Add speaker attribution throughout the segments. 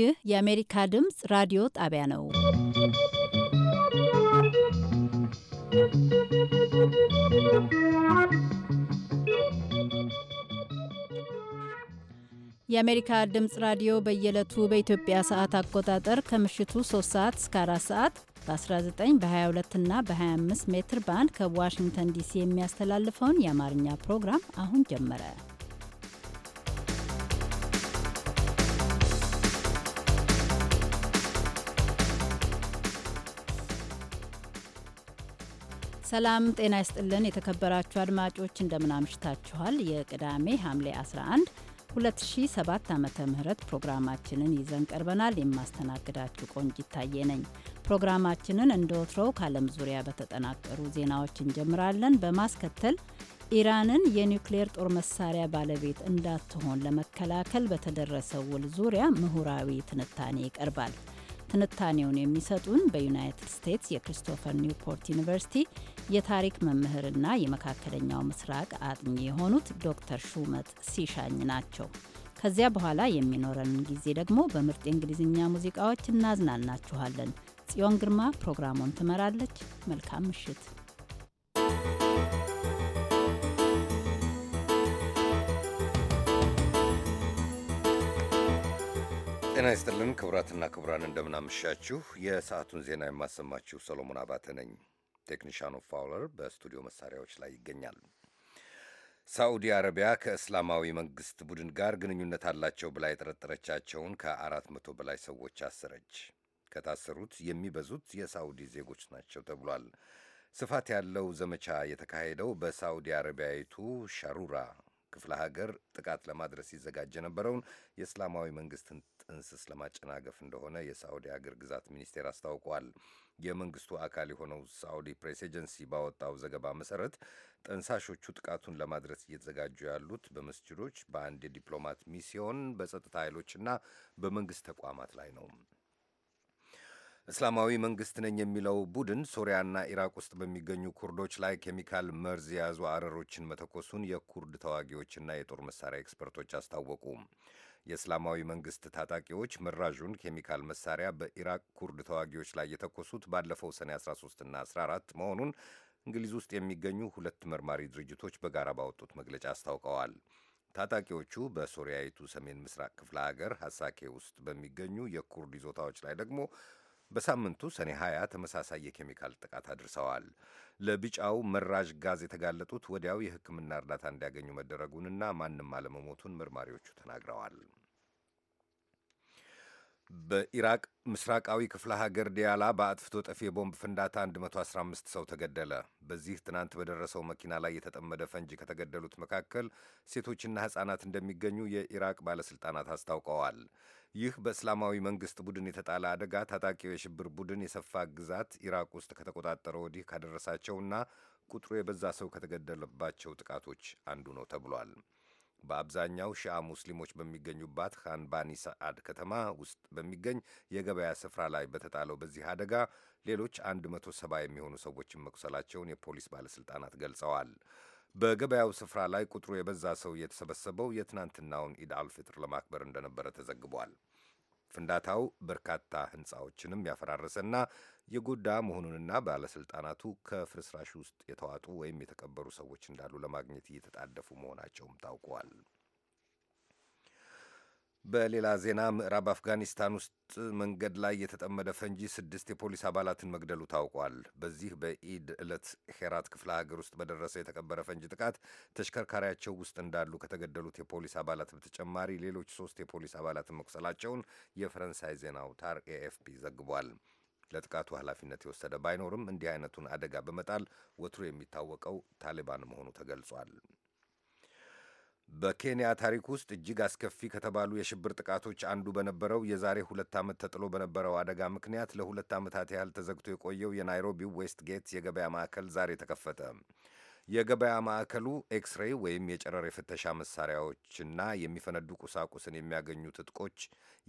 Speaker 1: ይህ የአሜሪካ ድምፅ ራዲዮ ጣቢያ ነው። የአሜሪካ ድምፅ ራዲዮ በየዕለቱ በኢትዮጵያ ሰዓት አቆጣጠር ከምሽቱ 3 ሰዓት እስከ 4 ሰዓት በ19 በ22 እና በ25 ሜትር ባንድ ከዋሽንግተን ዲሲ የሚያስተላልፈውን የአማርኛ ፕሮግራም አሁን ጀመረ። ሰላም ጤና ይስጥልን። የተከበራችሁ አድማጮች እንደምናምሽታችኋል። የቅዳሜ ሐምሌ 11 2007 ዓ ም ፕሮግራማችንን ይዘን ቀርበናል። የማስተናግዳችሁ ቆንጅ ይታየ ነኝ። ፕሮግራማችንን እንደ ወትሮው ከዓለም ዙሪያ በተጠናቀሩ ዜናዎች እንጀምራለን። በማስከተል ኢራንን የኒውክሌር ጦር መሳሪያ ባለቤት እንዳትሆን ለመከላከል በተደረሰ ውል ዙሪያ ምሁራዊ ትንታኔ ይቀርባል። ትንታኔውን የሚሰጡን በዩናይትድ ስቴትስ የክሪስቶፈር ኒውፖርት ዩኒቨርሲቲ የታሪክ መምህርና የመካከለኛው ምስራቅ አጥኚ የሆኑት ዶክተር ሹመት ሲሻኝ ናቸው። ከዚያ በኋላ የሚኖረን ጊዜ ደግሞ በምርጥ የእንግሊዝኛ ሙዚቃዎች እናዝናናችኋለን። ጽዮን ግርማ ፕሮግራሙን ትመራለች። መልካም ምሽት።
Speaker 2: ጤና ይስጥልን ክቡራትና ክቡራን፣ እንደምናመሻችሁ። የሰዓቱን ዜና የማሰማችሁ ሰሎሞን አባተ ነኝ። ቴክኒሻኑ ፋውለር በስቱዲዮ መሳሪያዎች ላይ ይገኛል። ሳዑዲ አረቢያ ከእስላማዊ መንግስት ቡድን ጋር ግንኙነት አላቸው ብላ የጠረጠረቻቸውን ከአራት መቶ በላይ ሰዎች አሰረች። ከታሰሩት የሚበዙት የሳዑዲ ዜጎች ናቸው ተብሏል። ስፋት ያለው ዘመቻ የተካሄደው በሳዑዲ አረቢያዊቱ ሻሩራ ክፍለ ሀገር ጥቃት ለማድረስ ይዘጋጀ የነበረውን የእስላማዊ መንግስትን እንስስ ለማጨናገፍ እንደሆነ የሳዑዲ አገር ግዛት ሚኒስቴር አስታውቋል። የመንግስቱ አካል የሆነው ሳዑዲ ፕሬስ ኤጀንሲ ባወጣው ዘገባ መሰረት ጠንሳሾቹ ጥቃቱን ለማድረስ እየተዘጋጁ ያሉት በመስጅዶች፣ በአንድ የዲፕሎማት ሚስዮን፣ በጸጥታ ኃይሎችና በመንግስት ተቋማት ላይ ነው። እስላማዊ መንግስት ነኝ የሚለው ቡድን ሶሪያና ኢራቅ ውስጥ በሚገኙ ኩርዶች ላይ ኬሚካል መርዝ የያዙ አረሮችን መተኮሱን የኩርድ ተዋጊዎችና የጦር መሳሪያ ኤክስፐርቶች አስታወቁ። የእስላማዊ መንግስት ታጣቂዎች መራዡን ኬሚካል መሳሪያ በኢራቅ ኩርድ ተዋጊዎች ላይ የተኮሱት ባለፈው ሰኔ 13ና 14 መሆኑን እንግሊዝ ውስጥ የሚገኙ ሁለት መርማሪ ድርጅቶች በጋራ ባወጡት መግለጫ አስታውቀዋል። ታጣቂዎቹ በሶሪያዊቱ ሰሜን ምስራቅ ክፍለ ሀገር ሀሳኬ ውስጥ በሚገኙ የኩርድ ይዞታዎች ላይ ደግሞ በሳምንቱ ሰኔ 20 ተመሳሳይ የኬሚካል ጥቃት አድርሰዋል። ለቢጫው መራዥ ጋዝ የተጋለጡት ወዲያው የሕክምና እርዳታ እንዲያገኙ መደረጉንና ማንም አለመሞቱን መርማሪዎቹ ተናግረዋል። በኢራቅ ምስራቃዊ ክፍለ ሀገር ዲያላ በአጥፍቶ ጠፊ የቦምብ ፍንዳታ 115 ሰው ተገደለ። በዚህ ትናንት በደረሰው መኪና ላይ የተጠመደ ፈንጂ ከተገደሉት መካከል ሴቶችና ሕፃናት እንደሚገኙ የኢራቅ ባለሥልጣናት አስታውቀዋል። ይህ በእስላማዊ መንግስት ቡድን የተጣለ አደጋ ታጣቂው የሽብር ቡድን የሰፋ ግዛት ኢራቅ ውስጥ ከተቆጣጠረ ወዲህ ካደረሳቸውና ቁጥሩ የበዛ ሰው ከተገደለባቸው ጥቃቶች አንዱ ነው ተብሏል። በአብዛኛው ሺአ ሙስሊሞች በሚገኙባት ካን ባኒ ሰዓድ ከተማ ውስጥ በሚገኝ የገበያ ስፍራ ላይ በተጣለው በዚህ አደጋ ሌሎች 170 የሚሆኑ ሰዎችን መቁሰላቸውን የፖሊስ ባለሥልጣናት ገልጸዋል። በገበያው ስፍራ ላይ ቁጥሩ የበዛ ሰው የተሰበሰበው የትናንትናውን ኢድ አልፍጥር ለማክበር እንደነበረ ተዘግቧል። ፍንዳታው በርካታ ሕንፃዎችንም ያፈራረሰና የጎዳ መሆኑንና ባለሥልጣናቱ ከፍርስራሽ ውስጥ የተዋጡ ወይም የተቀበሩ ሰዎች እንዳሉ ለማግኘት እየተጣደፉ መሆናቸውም ታውቋል። በሌላ ዜና ምዕራብ አፍጋኒስታን ውስጥ መንገድ ላይ የተጠመደ ፈንጂ ስድስት የፖሊስ አባላትን መግደሉ ታውቋል። በዚህ በኢድ ዕለት ሄራት ክፍለ ሀገር ውስጥ በደረሰ የተቀበረ ፈንጂ ጥቃት ተሽከርካሪያቸው ውስጥ እንዳሉ ከተገደሉት የፖሊስ አባላት በተጨማሪ ሌሎች ሶስት የፖሊስ አባላትን መቁሰላቸውን የፈረንሳይ ዜና አውታር ኤኤፍፒ ዘግቧል። ለጥቃቱ ኃላፊነት የወሰደ ባይኖርም እንዲህ አይነቱን አደጋ በመጣል ወትሮ የሚታወቀው ታሊባን መሆኑ ተገልጿል። በኬንያ ታሪክ ውስጥ እጅግ አስከፊ ከተባሉ የሽብር ጥቃቶች አንዱ በነበረው የዛሬ ሁለት ዓመት ተጥሎ በነበረው አደጋ ምክንያት ለሁለት ዓመታት ያህል ተዘግቶ የቆየው የናይሮቢው ዌስት ጌት የገበያ ማዕከል ዛሬ ተከፈተ። የገበያ ማዕከሉ ኤክስሬይ ወይም የጨረር የፍተሻ መሳሪያዎችና የሚፈነዱ ቁሳቁስን የሚያገኙ ትጥቆች፣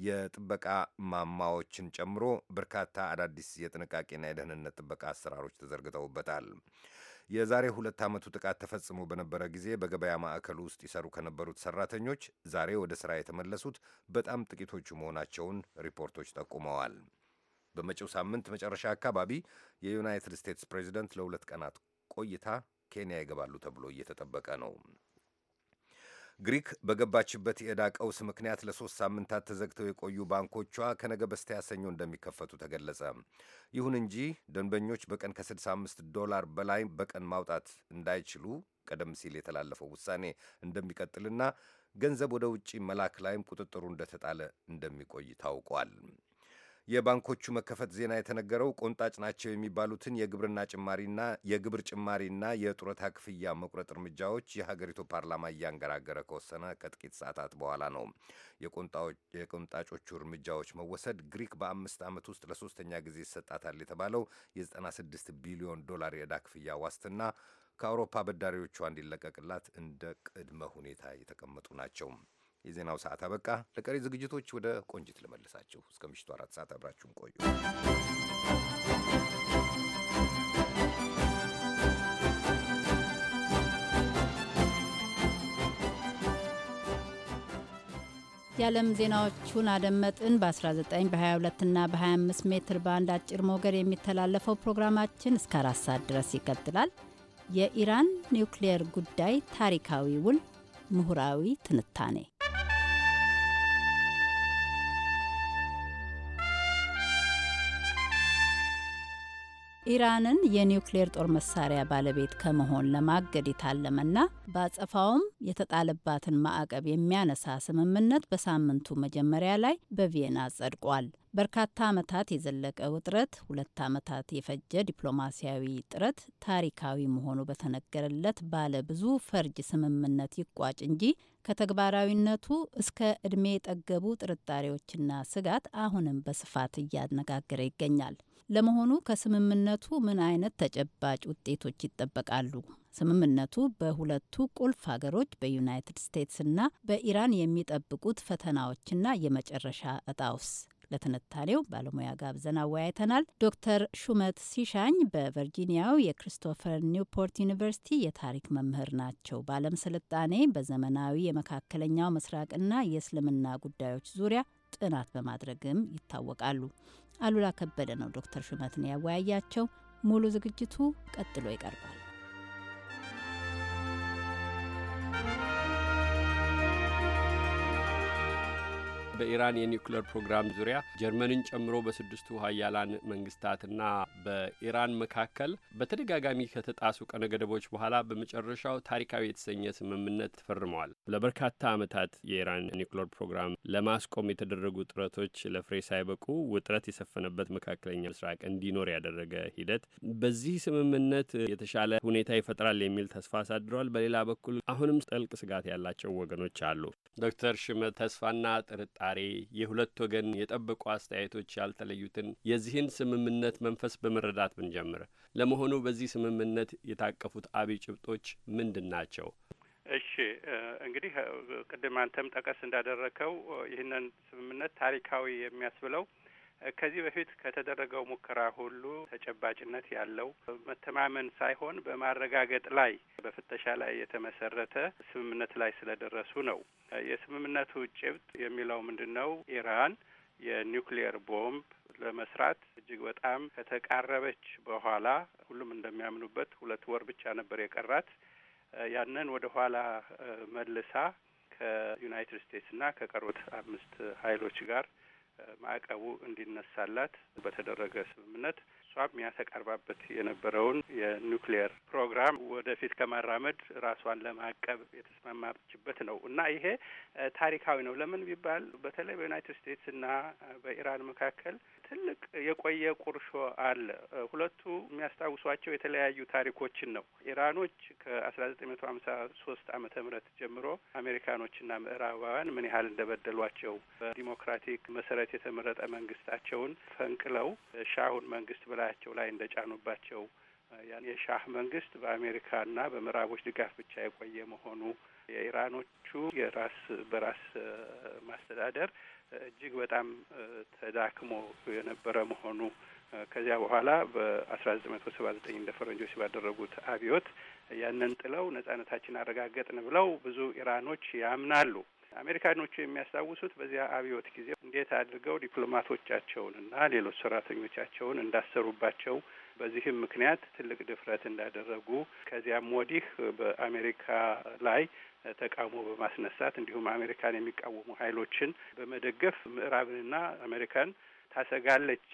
Speaker 2: የጥበቃ ማማዎችን ጨምሮ በርካታ አዳዲስ የጥንቃቄና የደህንነት ጥበቃ አሰራሮች ተዘርግተውበታል። የዛሬ ሁለት ዓመቱ ጥቃት ተፈጽሞ በነበረ ጊዜ በገበያ ማዕከሉ ውስጥ ይሰሩ ከነበሩት ሰራተኞች ዛሬ ወደ ሥራ የተመለሱት በጣም ጥቂቶቹ መሆናቸውን ሪፖርቶች ጠቁመዋል። በመጪው ሳምንት መጨረሻ አካባቢ የዩናይትድ ስቴትስ ፕሬዚደንት ለሁለት ቀናት ቆይታ ኬንያ ይገባሉ ተብሎ እየተጠበቀ ነው። ግሪክ በገባችበት የዕዳ ቀውስ ምክንያት ለሶስት ሳምንታት ተዘግተው የቆዩ ባንኮቿ ከነገ በስቲያ ሰኞ እንደሚከፈቱ ተገለጸ። ይሁን እንጂ ደንበኞች በቀን ከ65 ዶላር በላይ በቀን ማውጣት እንዳይችሉ ቀደም ሲል የተላለፈው ውሳኔ እንደሚቀጥልና ገንዘብ ወደ ውጭ መላክ ላይም ቁጥጥሩ እንደተጣለ እንደሚቆይ ታውቋል። የባንኮቹ መከፈት ዜና የተነገረው ቆንጣጭ ናቸው የሚባሉትን የግብርና ጭማሪና የግብር ጭማሪና የጡረታ ክፍያ መቁረጥ እርምጃዎች የሀገሪቱ ፓርላማ እያንገራገረ ከወሰነ ከጥቂት ሰዓታት በኋላ ነው። የቆንጣጮቹ እርምጃዎች መወሰድ ግሪክ በአምስት ዓመት ውስጥ ለሶስተኛ ጊዜ ይሰጣታል የተባለው የ96 ቢሊዮን ዶላር የዕዳ ክፍያ ዋስትና ከአውሮፓ በዳሪዎቿ እንዲለቀቅላት እንደ ቅድመ ሁኔታ የተቀመጡ ናቸው። የዜናው ሰዓት አበቃ። ለቀሪ ዝግጅቶች ወደ ቆንጅት ልመልሳችሁ። እስከ ምሽቱ አራት ሰዓት አብራችሁን ቆዩ።
Speaker 1: የዓለም ዜናዎቹን አደመጥን። በ19 በ22 እና በ25 ሜትር ባንድ አጭር ሞገድ የሚተላለፈው ፕሮግራማችን እስከ አራት ሰዓት ድረስ ይቀጥላል። የኢራን ኒውክሊየር ጉዳይ ታሪካዊ ውል ምሁራዊ ትንታኔ ኢራንን የኒውክሌር ጦር መሳሪያ ባለቤት ከመሆን ለማገድ የታለመና በአጸፋውም የተጣለባትን ማዕቀብ የሚያነሳ ስምምነት በሳምንቱ መጀመሪያ ላይ በቪየና ጸድቋል። በርካታ ዓመታት የዘለቀ ውጥረት፣ ሁለት ዓመታት የፈጀ ዲፕሎማሲያዊ ጥረት ታሪካዊ መሆኑ በተነገረለት ባለ ብዙ ፈርጅ ስምምነት ይቋጭ እንጂ ከተግባራዊነቱ እስከ ዕድሜ የጠገቡ ጥርጣሬዎችና ስጋት አሁንም በስፋት እያነጋገረ ይገኛል። ለመሆኑ ከስምምነቱ ምን አይነት ተጨባጭ ውጤቶች ይጠበቃሉ? ስምምነቱ በሁለቱ ቁልፍ ሀገሮች በዩናይትድ ስቴትስና በኢራን የሚጠብቁት ፈተናዎችና የመጨረሻ እጣውስ ለትንታኔው ባለሙያ ጋብዘን አወያይተናል። ዶክተር ሹመት ሲሻኝ በቨርጂኒያው የክሪስቶፈር ኒውፖርት ዩኒቨርሲቲ የታሪክ መምህር ናቸው። በዓለም ስልጣኔ በዘመናዊ የመካከለኛው ምስራቅና የእስልምና ጉዳዮች ዙሪያ ጥናት በማድረግም ይታወቃሉ። አሉላ ከበደ ነው ዶክተር ሹመትን ያወያያቸው። ሙሉ ዝግጅቱ ቀጥሎ ይቀርባል።
Speaker 3: በኢራን የኒውክሌር ፕሮግራም ዙሪያ ጀርመንን ጨምሮ በስድስቱ ሀያላን መንግስታትና በኢራን መካከል በተደጋጋሚ ከተጣሱ ቀነ ገደቦች በኋላ በመጨረሻው ታሪካዊ የተሰኘ ስምምነት ተፈርመዋል። ለበርካታ ዓመታት የኢራን ኒውክሌር ፕሮግራም ለማስቆም የተደረጉ ጥረቶች ለፍሬ ሳይበቁ ውጥረት የሰፈነበት መካከለኛ ምስራቅ እንዲኖር ያደረገ ሂደት በዚህ ስምምነት የተሻለ ሁኔታ ይፈጥራል የሚል ተስፋ አሳድረዋል። በሌላ በኩል አሁንም ጥልቅ ስጋት ያላቸው ወገኖች አሉ። ዶክተር ሽመ ተስፋና ጥርጣ ጥንካሬ የሁለት ወገን የጠበቁ አስተያየቶች ያልተለዩትን የዚህን ስምምነት መንፈስ በመረዳት ብንጀምር፣ ለመሆኑ በዚህ ስምምነት የታቀፉት አብይ ጭብጦች ምንድን ናቸው?
Speaker 4: እሺ እንግዲህ ቅድም አንተም ጠቀስ እንዳደረከው ይህንን ስምምነት ታሪካዊ የሚያስብለው ከዚህ በፊት ከተደረገው ሙከራ ሁሉ ተጨባጭነት ያለው መተማመን ሳይሆን በማረጋገጥ ላይ በፍተሻ ላይ የተመሰረተ ስምምነት ላይ ስለደረሱ ነው። የስምምነቱ ጭብጥ የሚለው ምንድን ነው? ኢራን የኒውክሊየር ቦምብ ለመስራት እጅግ በጣም ከተቃረበች በኋላ ሁሉም እንደሚያምኑበት ሁለት ወር ብቻ ነበር የቀራት። ያንን ወደ ኋላ መልሳ ከዩናይትድ ስቴትስና ከቀሩት አምስት ኃይሎች ጋር ማዕቀቡ እንዲነሳላት በተደረገ ስምምነት እሷም ያተቀርባበት የነበረውን የኒውክሊየር ፕሮግራም ወደፊት ከማራመድ ራሷን ለማቀብ የተስማማችበት ነው እና ይሄ ታሪካዊ ነው። ለምን ቢባል በተለይ በዩናይትድ ስቴትስ እና በኢራን መካከል ትልቅ የቆየ ቁርሾ አለ። ሁለቱ የሚያስታውሷቸው የተለያዩ ታሪኮችን ነው። ኢራኖች ከአስራ ዘጠኝ መቶ ሀምሳ ሶስት አመተ ምህረት ጀምሮ አሜሪካኖችና ምዕራባውያን ምን ያህል እንደበደሏቸው በዲሞክራቲክ መሰረት የተመረጠ መንግስታቸውን ፈንቅለው ሻሁን መንግስት ብላ በላያቸው ላይ እንደጫኑባቸው ያን የሻህ መንግስት በአሜሪካና በምዕራቦች ድጋፍ ብቻ የቆየ መሆኑ የኢራኖቹ የራስ በራስ ማስተዳደር እጅግ በጣም ተዳክሞ የነበረ መሆኑ ከዚያ በኋላ በአስራ ዘጠኝ መቶ ሰባ ዘጠኝ እንደ ፈረንጆች ባደረጉት አብዮት ያንን ጥለው ነጻነታችን አረጋገጥን ብለው ብዙ ኢራኖች ያምናሉ። አሜሪካኖቹ የሚያስታውሱት በዚያ አብዮት ጊዜ እንዴት አድርገው ዲፕሎማቶቻቸውን እና ሌሎች ሰራተኞቻቸውን እንዳሰሩባቸው በዚህም ምክንያት ትልቅ ድፍረት እንዳደረጉ ከዚያም ወዲህ በአሜሪካ ላይ ተቃውሞ በማስነሳት እንዲሁም አሜሪካን የሚቃወሙ ኃይሎችን በመደገፍ ምዕራብንና አሜሪካን ታሰጋለች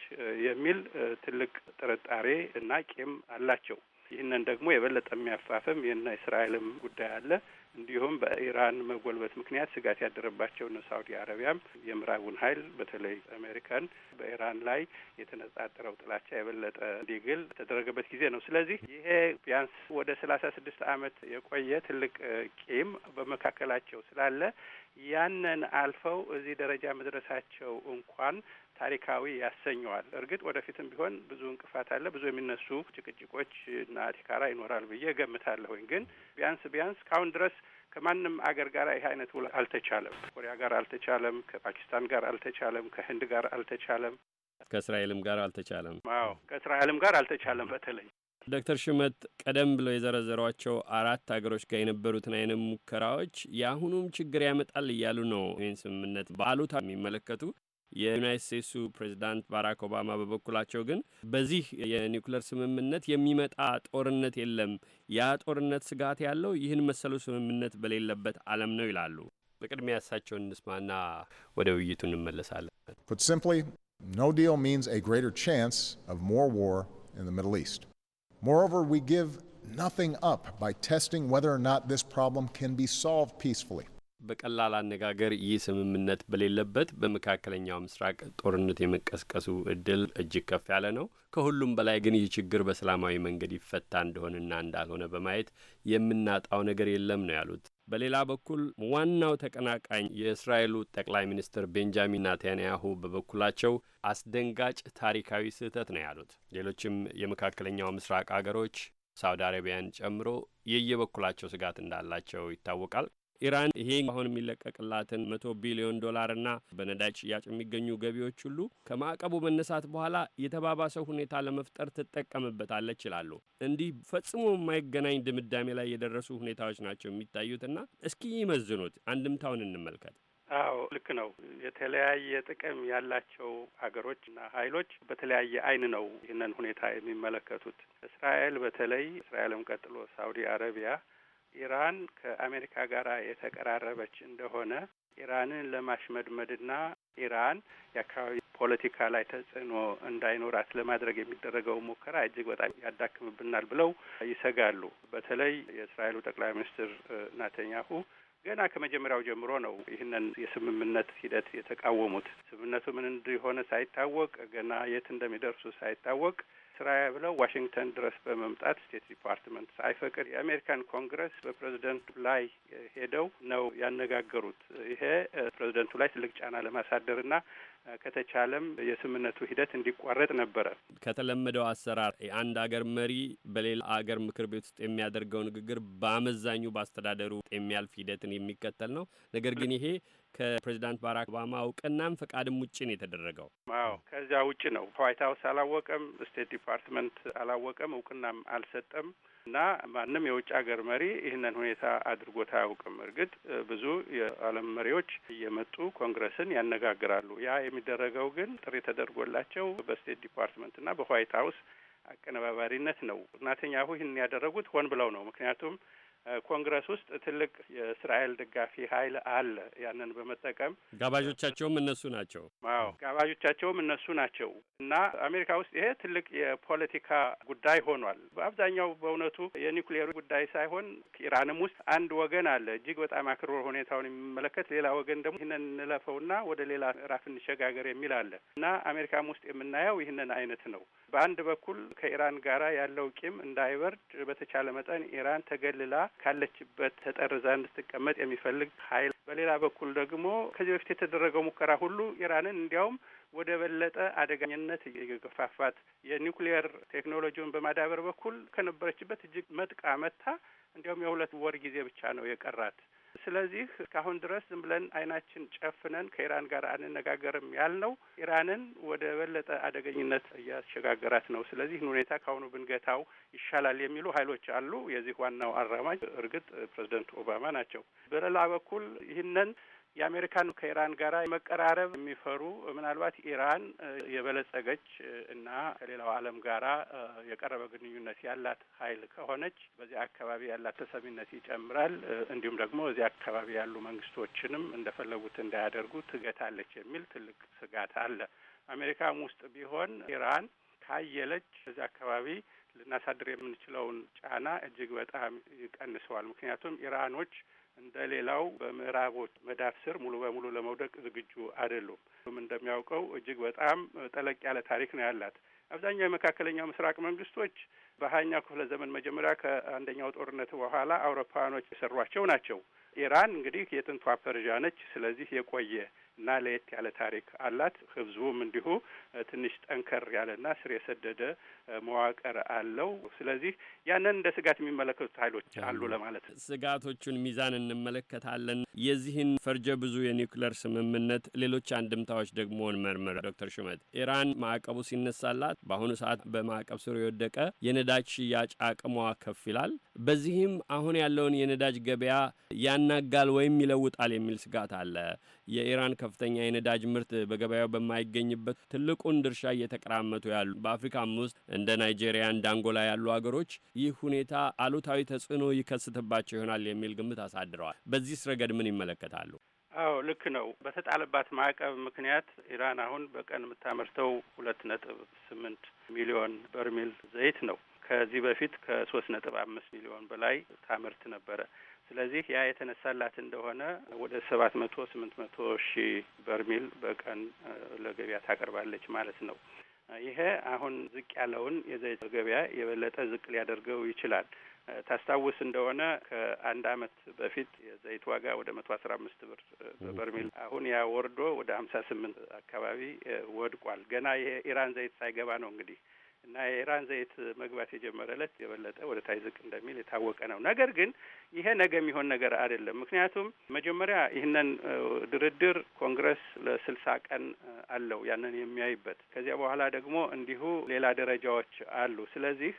Speaker 4: የሚል ትልቅ ጥርጣሬ እና ቂም አላቸው። ይህንን ደግሞ የበለጠ የሚያፋፍም እስራኤልም ጉዳይ አለ። እንዲሁም በኢራን መጎልበት ምክንያት ስጋት ያደረባቸው እነ ሳውዲ አረቢያም የምዕራቡን ኃይል በተለይ አሜሪካን በኢራን ላይ የተነጣጠረው ጥላቻ የበለጠ እንዲግል ተደረገበት ጊዜ ነው። ስለዚህ ይሄ ቢያንስ ወደ ሰላሳ ስድስት ዓመት የቆየ ትልቅ ቂም በመካከላቸው ስላለ ያንን አልፈው እዚህ ደረጃ መድረሳቸው እንኳን ታሪካዊ ያሰኘዋል። እርግጥ ወደፊትም ቢሆን ብዙ እንቅፋት አለ፣ ብዙ የሚነሱ ጭቅጭቆች እና ቲካራ ይኖራል ብዬ እገምታለሁኝ። ግን ቢያንስ ቢያንስ ካሁን ድረስ ከማንም አገር ጋር ይህ አይነት ውል አልተቻለም። ከኮሪያ ጋር አልተቻለም፣ ከፓኪስታን ጋር አልተቻለም፣ ከህንድ ጋር አልተቻለም፣
Speaker 3: ከእስራኤልም ጋር አልተቻለም።
Speaker 4: አዎ ከእስራኤልም ጋር አልተቻለም። በተለይ
Speaker 3: ዶክተር ሽመት ቀደም ብለው የዘረዘሯቸው አራት ሀገሮች ጋር የነበሩትን አይነት ሙከራዎች የአሁኑም ችግር ያመጣል እያሉ ነው ይህን ስምምነት በአሉታ የሚመለከቱ የዩናይት ስቴትሱ ፕሬዚዳንት ባራክ ኦባማ በበኩላቸው ግን በዚህ የኒውክለር ስምምነት የሚመጣ ጦርነት የለም፣ ያ ጦርነት ስጋት ያለው ይህን መሰሉ ስምምነት በሌለበት ዓለም ነው ይላሉ። በቅድሚያ እንስማና ወደ ውይይቱ እንመለሳለን። Put simply,
Speaker 5: no deal means a greater chance of more war in the Middle East. Moreover, we give nothing up by testing whether or not this problem can be solved
Speaker 2: peacefully.
Speaker 3: በቀላል አነጋገር ይህ ስምምነት በሌለበት በመካከለኛው ምስራቅ ጦርነት የመቀስቀሱ እድል እጅግ ከፍ ያለ ነው። ከሁሉም በላይ ግን ይህ ችግር በሰላማዊ መንገድ ይፈታ እንደሆነና እንዳልሆነ በማየት የምናጣው ነገር የለም ነው ያሉት። በሌላ በኩል ዋናው ተቀናቃኝ የእስራኤሉ ጠቅላይ ሚኒስትር ቤንጃሚን ናታንያሁ በበኩላቸው አስደንጋጭ ታሪካዊ ስህተት ነው ያሉት። ሌሎችም የመካከለኛው ምስራቅ አገሮች ሳውዲ አረቢያን ጨምሮ የየበኩላቸው ስጋት እንዳላቸው ይታወቃል። ኢራን ይሄ አሁን የሚለቀቅላትን መቶ ቢሊዮን ዶላርና በነዳጅ ሽያጭ የሚገኙ ገቢዎች ሁሉ ከማዕቀቡ መነሳት በኋላ የተባባሰ ሁኔታ ለመፍጠር ትጠቀምበታለች ይላሉ። እንዲህ ፈጽሞ የማይገናኝ ድምዳሜ ላይ የደረሱ ሁኔታዎች ናቸው የሚታዩትና እስኪ ይመዝኑት፣ አንድምታውን እንመልከት።
Speaker 4: አዎ ልክ ነው። የተለያየ ጥቅም ያላቸው ሀገሮች እና ሀይሎች በተለያየ አይን ነው ይህንን ሁኔታ የሚመለከቱት። እስራኤል በተለይ እስራኤልም ቀጥሎ ሳውዲ አረቢያ ኢራን ከአሜሪካ ጋር የተቀራረበች እንደሆነ ኢራንን ለማሽመድመድና ኢራን የአካባቢ ፖለቲካ ላይ ተጽዕኖ እንዳይኖራት ለማድረግ የሚደረገው ሙከራ እጅግ በጣም ያዳክምብናል ብለው ይሰጋሉ። በተለይ የእስራኤሉ ጠቅላይ ሚኒስትር ናተኛሁ ገና ከመጀመሪያው ጀምሮ ነው ይህንን የስምምነት ሂደት የተቃወሙት። ስምምነቱ ምን እንደሆነ ሳይታወቅ፣ ገና የት እንደሚደርሱ ሳይታወቅ ስራ ብለው ዋሽንግተን ድረስ በመምጣት ስቴት ዲፓርትመንት ሳይፈቅድ የአሜሪካን ኮንግረስ በፕሬዚደንቱ ላይ ሄደው ነው ያነጋገሩት። ይሄ ፕሬዚደንቱ ላይ ትልቅ ጫና ለማሳደርና ከተቻለም የስምምነቱ ሂደት እንዲቋረጥ ነበረ።
Speaker 3: ከተለመደው አሰራር የአንድ አገር መሪ በሌላ አገር ምክር ቤት ውስጥ የሚያደርገው ንግግር በአመዛኙ በአስተዳደሩ የሚያልፍ ሂደትን የሚከተል ነው። ነገር ግን ይሄ ከፕሬዚዳንት ባራክ ኦባማ እውቅናም ፈቃድም ውጭ ነው የተደረገው።
Speaker 4: አዎ ከዚያ ውጭ ነው። ዋይት ሀውስ አላወቀም፣ ስቴት ዲፓርትመንት አላወቀም፣ እውቅናም አልሰጠም። እና ማንም የውጭ ሀገር መሪ ይህንን ሁኔታ አድርጎት አያውቅም። እርግጥ ብዙ የዓለም መሪዎች እየመጡ ኮንግረስን ያነጋግራሉ። ያ የሚደረገው ግን ጥሪ ተደርጎላቸው በስቴት ዲፓርትመንትና በዋይት ሀውስ አቀነባባሪነት ነው። እናተኛ ይህን ያደረጉት ሆን ብለው ነው። ምክንያቱም ኮንግረስ ውስጥ ትልቅ የእስራኤል ደጋፊ ኃይል አለ። ያንን በመጠቀም
Speaker 3: ጋባዦቻቸውም እነሱ ናቸው።
Speaker 4: አዎ ጋባዦቻቸውም እነሱ ናቸው እና አሜሪካ ውስጥ ይሄ ትልቅ የፖለቲካ ጉዳይ ሆኗል። በአብዛኛው በእውነቱ የኒውክሌሩ ጉዳይ ሳይሆን ኢራንም ውስጥ አንድ ወገን አለ እጅግ በጣም አክሮ ሁኔታውን የሚመለከት ሌላ ወገን ደግሞ ይህንን እንለፈውና ወደ ሌላ ራፍ እንሸጋገር የሚል አለ እና አሜሪካም ውስጥ የምናየው ይህንን አይነት ነው። በአንድ በኩል ከኢራን ጋራ ያለው ቂም እንዳይበርድ በተቻለ መጠን ኢራን ተገልላ ካለችበት ተጠርዛ እንድትቀመጥ የሚፈልግ ኃይል፣ በሌላ በኩል ደግሞ ከዚህ በፊት የተደረገው ሙከራ ሁሉ ኢራንን እንዲያውም ወደ በለጠ አደገኝነት የገፋፋት የኒውክሊየር ቴክኖሎጂውን በማዳበር በኩል ከነበረችበት እጅግ መጥቃ መታ እንዲያውም የሁለት ወር ጊዜ ብቻ ነው የቀራት። ስለዚህ እስካሁን ድረስ ዝም ብለን አይናችን ጨፍነን ከኢራን ጋር አንነጋገርም ያልነው ኢራንን ወደ በለጠ አደገኝነት እያሸጋገራት ነው። ስለዚህ ሁኔታ ከአሁኑ ብንገታው ይሻላል የሚሉ ሀይሎች አሉ። የዚህ ዋናው አራማጅ እርግጥ ፕሬዚደንት ኦባማ ናቸው። በሌላ በኩል ይህንን የአሜሪካን ከኢራን ጋር መቀራረብ የሚፈሩ ምናልባት ኢራን የበለጸገች እና ከሌላው ዓለም ጋራ የቀረበ ግንኙነት ያላት ኃይል ከሆነች በዚያ አካባቢ ያላት ተሰሚነት ይጨምራል። እንዲሁም ደግሞ እዚያ አካባቢ ያሉ መንግስቶችንም እንደፈለጉት እንዳያደርጉ ትገታለች የሚል ትልቅ ስጋት አለ። አሜሪካም ውስጥ ቢሆን ኢራን ካየለች እዚያ አካባቢ ልናሳድር የምንችለውን ጫና እጅግ በጣም ይቀንሰዋል። ምክንያቱም ኢራኖች እንደ ሌላው በምዕራቦች መዳፍ ስር ሙሉ በሙሉ ለመውደቅ ዝግጁ አይደሉም። እንደሚያውቀው እጅግ በጣም ጠለቅ ያለ ታሪክ ነው ያላት። አብዛኛው የመካከለኛው ምስራቅ መንግስቶች በሀያኛው ክፍለ ዘመን መጀመሪያ ከአንደኛው ጦርነት በኋላ አውሮፓውያኖች የሰሯቸው ናቸው። ኢራን እንግዲህ የጥንቷ ፐርዣ ነች። ስለዚህ የቆየ እና ለየት ያለ ታሪክ አላት። ህዝቡም እንዲሁ ትንሽ ጠንከር ያለና ስር የሰደደ መዋቅር አለው። ስለዚህ ያንን እንደ ስጋት የሚመለከቱት ኃይሎች አሉ ለማለት ነው።
Speaker 3: ስጋቶቹን ሚዛን እንመለከታለን። የዚህን ፈርጀ ብዙ የኒውክለር ስምምነት ሌሎች አንድምታዎች ደግሞ እንመርምር። ዶክተር ሹመት ኢራን ማዕቀቡ ሲነሳላት በአሁኑ ሰዓት በማዕቀብ ስር የወደቀ የነዳጅ ሽያጭ አቅሟ ከፍ ይላል። በዚህም አሁን ያለውን የነዳጅ ገበያ ያናጋል ወይም ይለውጣል የሚል ስጋት አለ። የኢራን ከፍተኛ የነዳጅ ምርት በገበያው በማይገኝበት ትልቁን ድርሻ እየተቀራመቱ ያሉ በአፍሪካም ውስጥ እንደ ናይጄሪያ፣ እንደ አንጎላ ያሉ አገሮች ይህ ሁኔታ አሉታዊ ተጽዕኖ ይከስትባቸው ይሆናል የሚል ግምት አሳድረዋል። በዚህ ረገድ ምን ይመለከታሉ?
Speaker 4: አዎ ልክ ነው። በተጣለባት ማዕቀብ ምክንያት ኢራን አሁን በቀን የምታመርተው ሁለት ነጥብ ስምንት ሚሊዮን በርሜል ዘይት ነው። ከዚህ በፊት ከሶስት ነጥብ አምስት ሚሊዮን በላይ ታመርት ነበረ። ስለዚህ ያ የተነሳላት እንደሆነ ወደ ሰባት መቶ ስምንት መቶ ሺህ በርሜል በቀን ለገበያ ታቀርባለች ማለት ነው። ይሄ አሁን ዝቅ ያለውን የዘይት ገበያ የበለጠ ዝቅ ሊያደርገው ይችላል። ታስታውስ እንደሆነ ከአንድ አመት በፊት የዘይት ዋጋ ወደ መቶ አስራ አምስት ብር በበርሜል አሁን ያ ወርዶ ወደ ሀምሳ ስምንት አካባቢ ወድቋል። ገና የኢራን ዘይት ሳይገባ ነው እንግዲህ እና የኢራን ዘይት መግባት የጀመረ ዕለት የበለጠ ወደ ታች ዝቅ እንደሚል የታወቀ ነው። ነገር ግን ይሄ ነገ የሚሆን ነገር አይደለም። ምክንያቱም መጀመሪያ ይህንን ድርድር ኮንግረስ ለስልሳ ቀን አለው ያንን የሚያይበት። ከዚያ በኋላ ደግሞ እንዲሁ ሌላ ደረጃዎች አሉ። ስለዚህ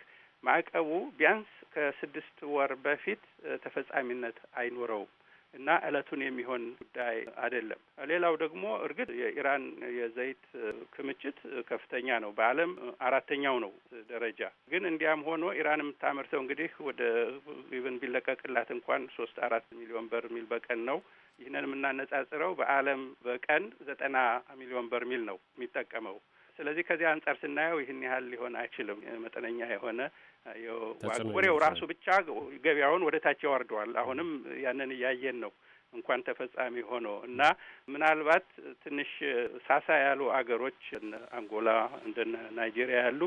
Speaker 4: ማዕቀቡ ቢያንስ ከስድስት ወር በፊት ተፈጻሚነት አይኖረውም። እና እለቱን የሚሆን ጉዳይ አይደለም። ሌላው ደግሞ እርግጥ የኢራን የዘይት ክምችት ከፍተኛ ነው። በዓለም አራተኛው ነው ደረጃ። ግን እንዲያም ሆኖ ኢራን የምታመርተው እንግዲህ ወደ ኢቨን ቢለቀቅላት እንኳን ሶስት አራት ሚሊዮን በርሚል በቀን ነው። ይህንን የምናነጻጽረው በዓለም በቀን ዘጠና ሚሊዮን በርሚል ነው የሚጠቀመው። ስለዚህ ከዚህ አንጻር ስናየው ይህን ያህል ሊሆን አይችልም። መጠነኛ የሆነ ወሬው ራሱ ብቻ ገበያውን ወደ ታች ያወርደዋል። አሁንም ያንን እያየን ነው እንኳን ተፈጻሚ ሆኖ እና ምናልባት ትንሽ ሳሳ ያሉ አገሮች አንጎላ እንደ ናይጄሪያ ያሉ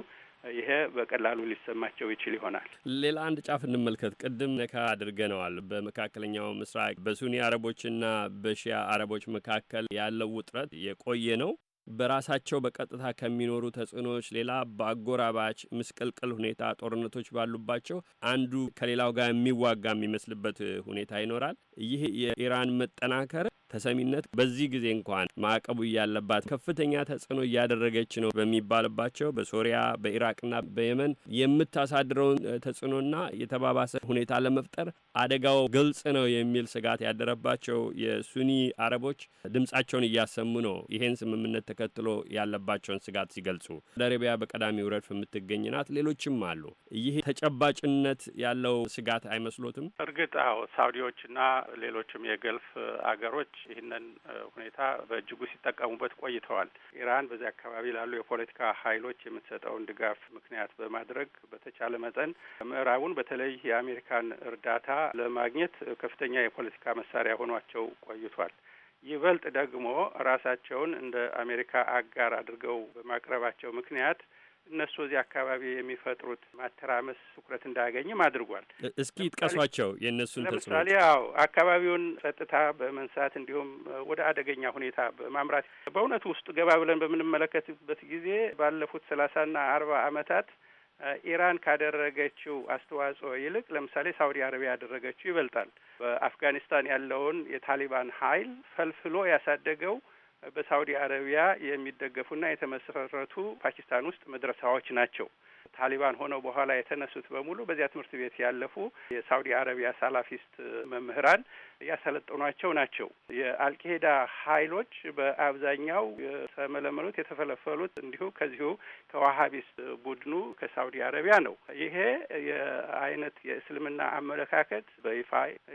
Speaker 4: ይሄ በቀላሉ ሊሰማቸው ይችል ይሆናል።
Speaker 3: ሌላ አንድ ጫፍ እንመልከት። ቅድም ነካ አድርገነዋል። በመካከለኛው ምስራቅ በሱኒ አረቦችና በሺያ አረቦች መካከል ያለው ውጥረት የቆየ ነው። በራሳቸው በቀጥታ ከሚኖሩ ተጽዕኖዎች ሌላ በአጎራባች ምስቅልቅል ሁኔታ ጦርነቶች ባሉባቸው አንዱ ከሌላው ጋር የሚዋጋ የሚመስልበት ሁኔታ ይኖራል። ይህ የኢራን መጠናከር ተሰሚነት በዚህ ጊዜ እንኳን ማዕቀቡ እያለባት ከፍተኛ ተጽዕኖ እያደረገች ነው በሚባልባቸው በሶሪያ በኢራቅና በየመን የምታሳድረውን ተጽዕኖና የተባባሰ ሁኔታ ለመፍጠር አደጋው ግልጽ ነው የሚል ስጋት ያደረባቸው የሱኒ አረቦች ድምጻቸውን እያሰሙ ነው። ይሄን ስምምነት ተከትሎ ያለባቸውን ስጋት ሲገልጹ አረቢያ በቀዳሚው ረድፍ የምትገኝ ናት። ሌሎችም አሉ። ይህ ተጨባጭነት ያለው ስጋት አይመስሎትም?
Speaker 4: እርግጥ አዎ፣ ሳውዲዎችና ሌሎችም የገልፍ አገሮች ይህንን ሁኔታ በእጅጉ ሲጠቀሙበት ቆይተዋል። ኢራን በዚህ አካባቢ ላሉ የፖለቲካ ኃይሎች የምትሰጠውን ድጋፍ ምክንያት በማድረግ በተቻለ መጠን ምዕራቡን በተለይ የአሜሪካን እርዳታ ለማግኘት ከፍተኛ የፖለቲካ መሳሪያ ሆኗቸው ቆይቷል። ይበልጥ ደግሞ ራሳቸውን እንደ አሜሪካ አጋር አድርገው በማቅረባቸው ምክንያት እነሱ እዚህ አካባቢ የሚፈጥሩት ማተራመስ ትኩረት እንዳያገኝም አድርጓል።
Speaker 3: እስኪ ጥቀሷቸው የእነሱን ለምሳሌ
Speaker 4: ያው አካባቢውን ጸጥታ በመንሳት እንዲሁም ወደ አደገኛ ሁኔታ በማምራት በእውነቱ ውስጥ ገባ ብለን በምንመለከትበት ጊዜ ባለፉት ሰላሳና አርባ ዓመታት ኢራን ካደረገችው አስተዋጽኦ ይልቅ ለምሳሌ ሳውዲ አረቢያ ያደረገችው ይበልጣል። በአፍጋኒስታን ያለውን የታሊባን ኃይል ፈልፍሎ ያሳደገው በሳውዲ አረቢያ የሚደገፉና የተመሰረቱ ፓኪስታን ውስጥ መድረሳዎች ናቸው። ታሊባን ሆነው በኋላ የተነሱት በሙሉ በዚያ ትምህርት ቤት ያለፉ የሳውዲ አረቢያ ሳላፊስት መምህራን ያሰለጠኗቸው ናቸው። የአልቄሄዳ ሀይሎች በአብዛኛው የተመለመሉት የተፈለፈሉት እንዲሁ ከዚሁ ከዋሀቢስት ቡድኑ ከሳውዲ አረቢያ ነው። ይሄ የአይነት የእስልምና አመለካከት በይፋ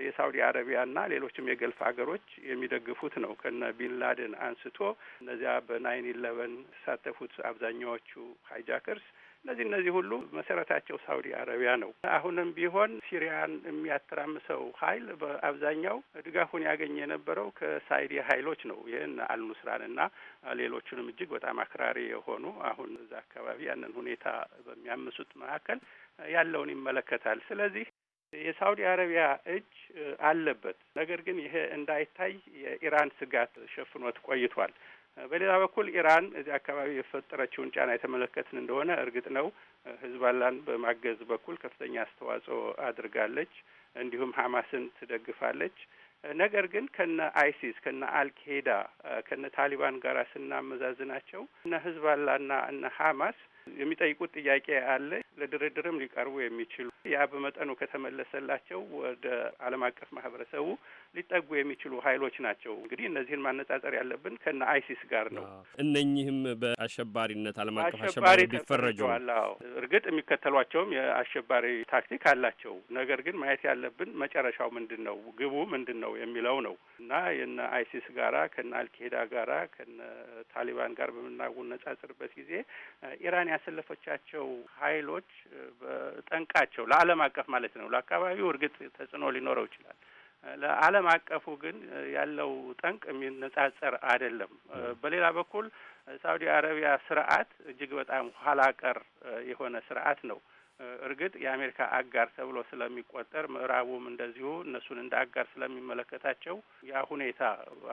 Speaker 4: የሳውዲ አረቢያና ሌሎችም የገልፍ ሀገሮች የሚደግፉት ነው። ከነ ቢንላደን አንስቶ እነዚያ በናይን ኢለቨን የተሳተፉት አብዛኛዎቹ ሀይጃከርስ እነዚህ እነዚህ ሁሉ መሰረታቸው ሳውዲ አረቢያ ነው። አሁንም ቢሆን ሲሪያን የሚያተራምሰው ሀይል በአብዛኛው ድጋፉን ያገኘ የነበረው ከሳይዲ ሀይሎች ነው። ይህን አልኑስራንና ሌሎቹንም እጅግ በጣም አክራሪ የሆኑ አሁን እዛ አካባቢ ያንን ሁኔታ በሚያምሱት መካከል ያለውን ይመለከታል። ስለዚህ የሳውዲ አረቢያ እጅ አለበት። ነገር ግን ይሄ እንዳይታይ የኢራን ስጋት ሸፍኖት ቆይቷል። በሌላ በኩል ኢራን እዚህ አካባቢ የፈጠረችውን ጫና የተመለከትን እንደሆነ እርግጥ ነው ህዝባላን በማገዝ በኩል ከፍተኛ አስተዋጽኦ አድርጋለች። እንዲሁም ሀማስን ትደግፋለች። ነገር ግን ከነ አይሲስ ከነ አልካይዳ ከነ ታሊባን ጋር ስናመዛዝናቸው እነ ህዝባላና እነ ሀማስ የሚጠይቁት ጥያቄ አለ። ለድርድርም ሊቀርቡ የሚችሉ ያ በመጠኑ ከተመለሰላቸው ወደ ዓለም አቀፍ ማህበረሰቡ ሊጠጉ የሚችሉ ሀይሎች ናቸው። እንግዲህ እነዚህን ማነጻጸር ያለብን ከነ አይሲስ ጋር ነው።
Speaker 3: እነኚህም በአሸባሪነት ዓለም አቀፍ አሸባሪ ቢፈረጁ
Speaker 4: እርግጥ የሚከተሏቸውም የአሸባሪ ታክቲክ አላቸው። ነገር ግን ማየት ያለብን መጨረሻው ምንድን ነው፣ ግቡ ምንድን ነው የሚለው ነው እና የነ አይሲስ ጋራ ከነ አልካይዳ ጋራ ከነ ታሊባን ጋር በምናወነጻጽርበት ጊዜ ኢራን የሚያሰለፈቻቸው ኃይሎች በጠንቃቸው ለዓለም አቀፍ ማለት ነው። ለአካባቢው እርግጥ ተጽዕኖ ሊኖረው ይችላል። ለዓለም አቀፉ ግን ያለው ጠንቅ የሚነጻጸር አይደለም። በሌላ በኩል ሳውዲ አረቢያ ስርዓት እጅግ በጣም ኋላ ቀር የሆነ ስርዓት ነው። እርግጥ የአሜሪካ አጋር ተብሎ ስለሚቆጠር ምዕራቡም እንደዚሁ እነሱን እንደ አጋር ስለሚመለከታቸው ያ ሁኔታ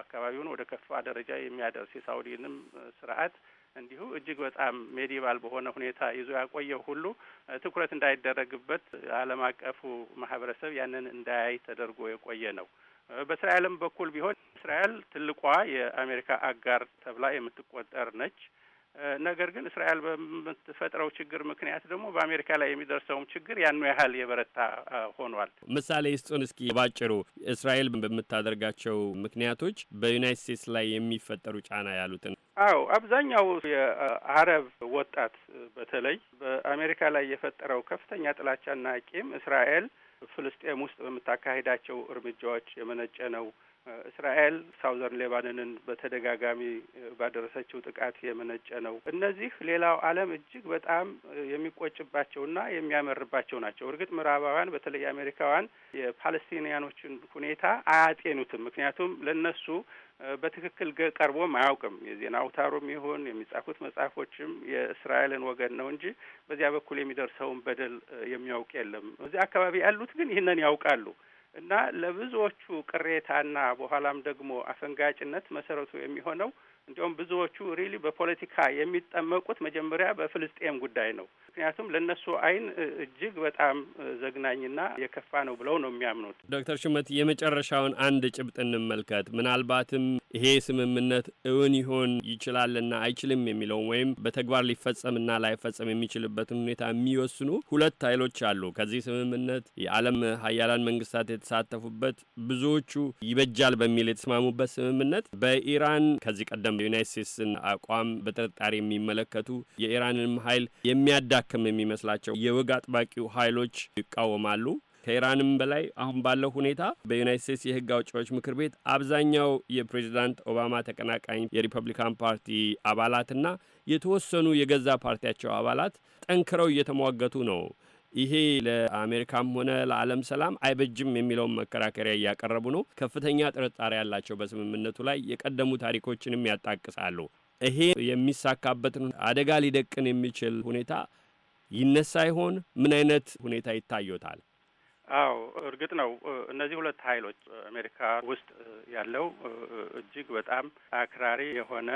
Speaker 4: አካባቢውን ወደ ከፋ ደረጃ የሚያደርስ የሳውዲንም ስርዓት እንዲሁ እጅግ በጣም ሜዲቫል በሆነ ሁኔታ ይዞ ያቆየው ሁሉ ትኩረት እንዳይደረግበት ዓለም አቀፉ ማህበረሰብ ያንን እንዳያይ ተደርጎ የቆየ ነው። በእስራኤልም በኩል ቢሆን እስራኤል ትልቋ የአሜሪካ አጋር ተብላ የምትቆጠር ነች። ነገር ግን እስራኤል በምትፈጥረው ችግር ምክንያት ደግሞ በአሜሪካ ላይ የሚደርሰውም ችግር ያኑ ያህል የበረታ ሆኗል።
Speaker 3: ምሳሌ ስጡን እስኪ ባጭሩ እስራኤል በምታደርጋቸው ምክንያቶች በዩናይት ስቴትስ ላይ የሚፈጠሩ ጫና ያሉትን።
Speaker 4: አው አብዛኛው የአረብ ወጣት በተለይ በአሜሪካ ላይ የፈጠረው ከፍተኛ ጥላቻና ቂም እስራኤል ፍልስጤም ውስጥ በምታካሂዳቸው እርምጃዎች የመነጨ ነው። እስራኤል ሳውዘርን ሌባንንን በተደጋጋሚ ባደረሰችው ጥቃት የመነጨ ነው። እነዚህ ሌላው ዓለም እጅግ በጣም የሚቆጭባቸውና የሚያመርባቸው ናቸው። እርግጥ ምዕራባውያን በተለይ አሜሪካውያን የፓለስቲንያኖችን ሁኔታ አያጤኑትም። ምክንያቱም ለነሱ በትክክል ቀርቦም አያውቅም። የዜና አውታሩም ይሁን የሚጻፉት መጽሐፎችም የእስራኤልን ወገን ነው እንጂ በዚያ በኩል የሚደርሰውን በደል የሚያውቅ የለም። እዚያ አካባቢ ያሉት ግን ይህንን ያውቃሉ። እና ለብዙዎቹ ቅሬታና በኋላም ደግሞ አፈንጋጭነት መሰረቱ የሚሆነው እንዲሁም ብዙዎቹ ሪሊ በፖለቲካ የሚጠመቁት መጀመሪያ በፍልስጤም ጉዳይ ነው። ምክንያቱም ለእነሱ አይን እጅግ በጣም ዘግናኝና የከፋ ነው ብለው ነው የሚያምኑት።
Speaker 3: ዶክተር ሹመት የመጨረሻውን አንድ ጭብጥ እንመልከት። ምናልባትም ይሄ ስምምነት እውን ይሆን ይችላልና አይችልም የሚለውን ወይም በተግባር ሊፈጸምና ላይፈጸም የሚችልበትን ሁኔታ የሚወስኑ ሁለት ኃይሎች አሉ። ከዚህ ስምምነት የዓለም ሀያላን መንግስታት የተሳተፉበት ብዙዎቹ ይበጃል በሚል የተስማሙበት ስምምነት በኢራን ከዚህ ቀደም በመጨረሻም የዩናይት ስቴትስን አቋም በጥርጣሬ የሚመለከቱ የኢራንንም ኃይል የሚያዳክም የሚመስላቸው የወግ አጥባቂው ኃይሎች ይቃወማሉ። ከኢራንም በላይ አሁን ባለው ሁኔታ በዩናይት ስቴትስ የሕግ አውጪዎች ምክር ቤት አብዛኛው የፕሬዚዳንት ኦባማ ተቀናቃኝ የሪፐብሊካን ፓርቲ አባላትና የተወሰኑ የገዛ ፓርቲያቸው አባላት ጠንክረው እየተሟገቱ ነው። ይሄ ለአሜሪካም ሆነ ለዓለም ሰላም አይበጅም የሚለውን መከራከሪያ እያቀረቡ ነው። ከፍተኛ ጥርጣሬ ያላቸው በስምምነቱ ላይ የቀደሙ ታሪኮችንም ያጣቅሳሉ። ይሄ የሚሳካበትን አደጋ ሊደቅን የሚችል ሁኔታ ይነሳ ይሆን? ምን አይነት ሁኔታ ይታዩታል?
Speaker 4: አዎ እርግጥ ነው እነዚህ ሁለት ኃይሎች አሜሪካ ውስጥ ያለው እጅግ በጣም አክራሪ የሆነ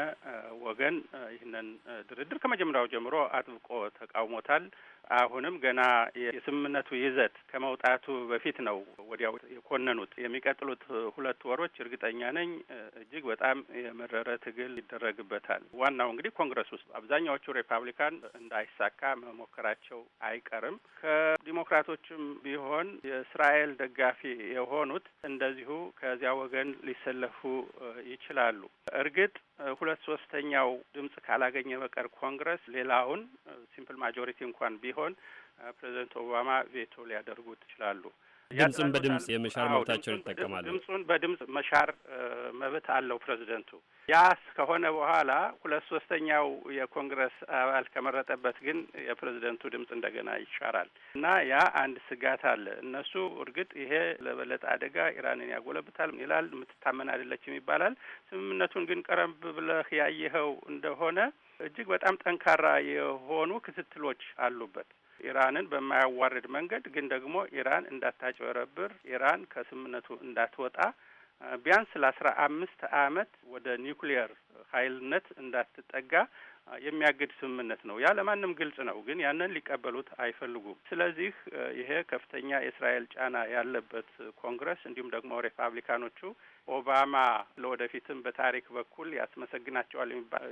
Speaker 4: ወገን ይህንን ድርድር ከመጀመሪያው ጀምሮ አጥብቆ ተቃውሞታል። አሁንም ገና የስምምነቱ ይዘት ከመውጣቱ በፊት ነው ወዲያው የኮነኑት። የሚቀጥሉት ሁለት ወሮች እርግጠኛ ነኝ እጅግ በጣም የመረረ ትግል ይደረግበታል። ዋናው እንግዲህ ኮንግረስ ውስጥ አብዛኛዎቹ ሪፐብሊካን እንዳይሳካ መሞከራቸው አይቀርም። ከዲሞክራቶችም ቢሆን የእስራኤል ደጋፊ የሆኑት እንደዚሁ ከዚያ ወገን ሊሰለፉ ይችላሉ። እርግጥ ሁለት ሶስተኛው ድምጽ ካላገኘ በቀር ኮንግረስ ሌላውን ሲምፕል ማጆሪቲ እንኳን ቢሆን ፕሬዚደንት ኦባማ ቬቶ ሊያደርጉት ይችላሉ። ድምፁን በድምፅ
Speaker 3: የመሻር መብታቸውን ይጠቀማሉ።
Speaker 4: ድምፁን በድምፅ መሻር መብት አለው ፕሬዚደንቱ። ያ ከሆነ በኋላ ሁለት ሶስተኛው የኮንግረስ አባል ከመረጠበት ግን የፕሬዚደንቱ ድምፅ እንደገና ይሻራል እና ያ አንድ ስጋት አለ። እነሱ እርግጥ ይሄ ለበለጠ አደጋ ኢራንን ያጎለብታል ይላል፣ የምትታመን አይደለችም ይባላል። ስምምነቱን ግን ቀረብ ብለህ ያየኸው እንደሆነ እጅግ በጣም ጠንካራ የሆኑ ክትትሎች አሉበት። ኢራንን በማያዋርድ መንገድ ግን ደግሞ ኢራን እንዳታጨረብር ኢራን ከስምምነቱ እንዳትወጣ ቢያንስ ለአስራ አምስት አመት ወደ ኒውክሊየር ኃይልነት እንዳትጠጋ የሚያግድ ስምምነት ነው። ያ ለማንም ግልጽ ነው። ግን ያንን ሊቀበሉት አይፈልጉም። ስለዚህ ይሄ ከፍተኛ የእስራኤል ጫና ያለበት ኮንግረስ እንዲሁም ደግሞ ሪፓብሊካኖቹ ኦባማ ለወደፊትም በታሪክ በኩል ያስመሰግናቸዋል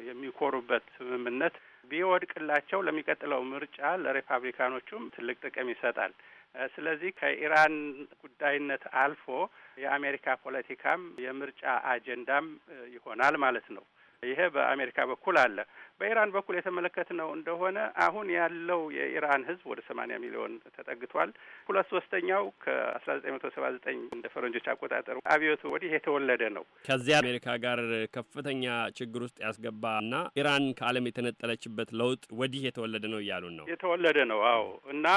Speaker 4: የሚኮሩበት ስምምነት ቢወድቅላቸው ለሚቀጥለው ምርጫ ለሪፓብሊካኖቹም ትልቅ ጥቅም ይሰጣል። ስለዚህ ከኢራን ጉዳይነት አልፎ የአሜሪካ ፖለቲካም የምርጫ አጀንዳም ይሆናል ማለት ነው። ይሄ በአሜሪካ በኩል አለ። በኢራን በኩል የተመለከትነው እንደሆነ አሁን ያለው የኢራን ህዝብ ወደ ሰማንያ ሚሊዮን ተጠግቷል። ሁለት ሶስተኛው ከአስራ ዘጠኝ መቶ ሰባ ዘጠኝ እንደ ፈረንጆች አቆጣጠሩ አብዮቱ ወዲህ የተወለደ
Speaker 3: ነው። ከዚያ አሜሪካ ጋር ከፍተኛ ችግር ውስጥ ያስገባና ኢራን ከዓለም የተነጠለችበት ለውጥ ወዲህ የተወለደ ነው እያሉን ነው።
Speaker 4: የተወለደ ነው። አዎ። እና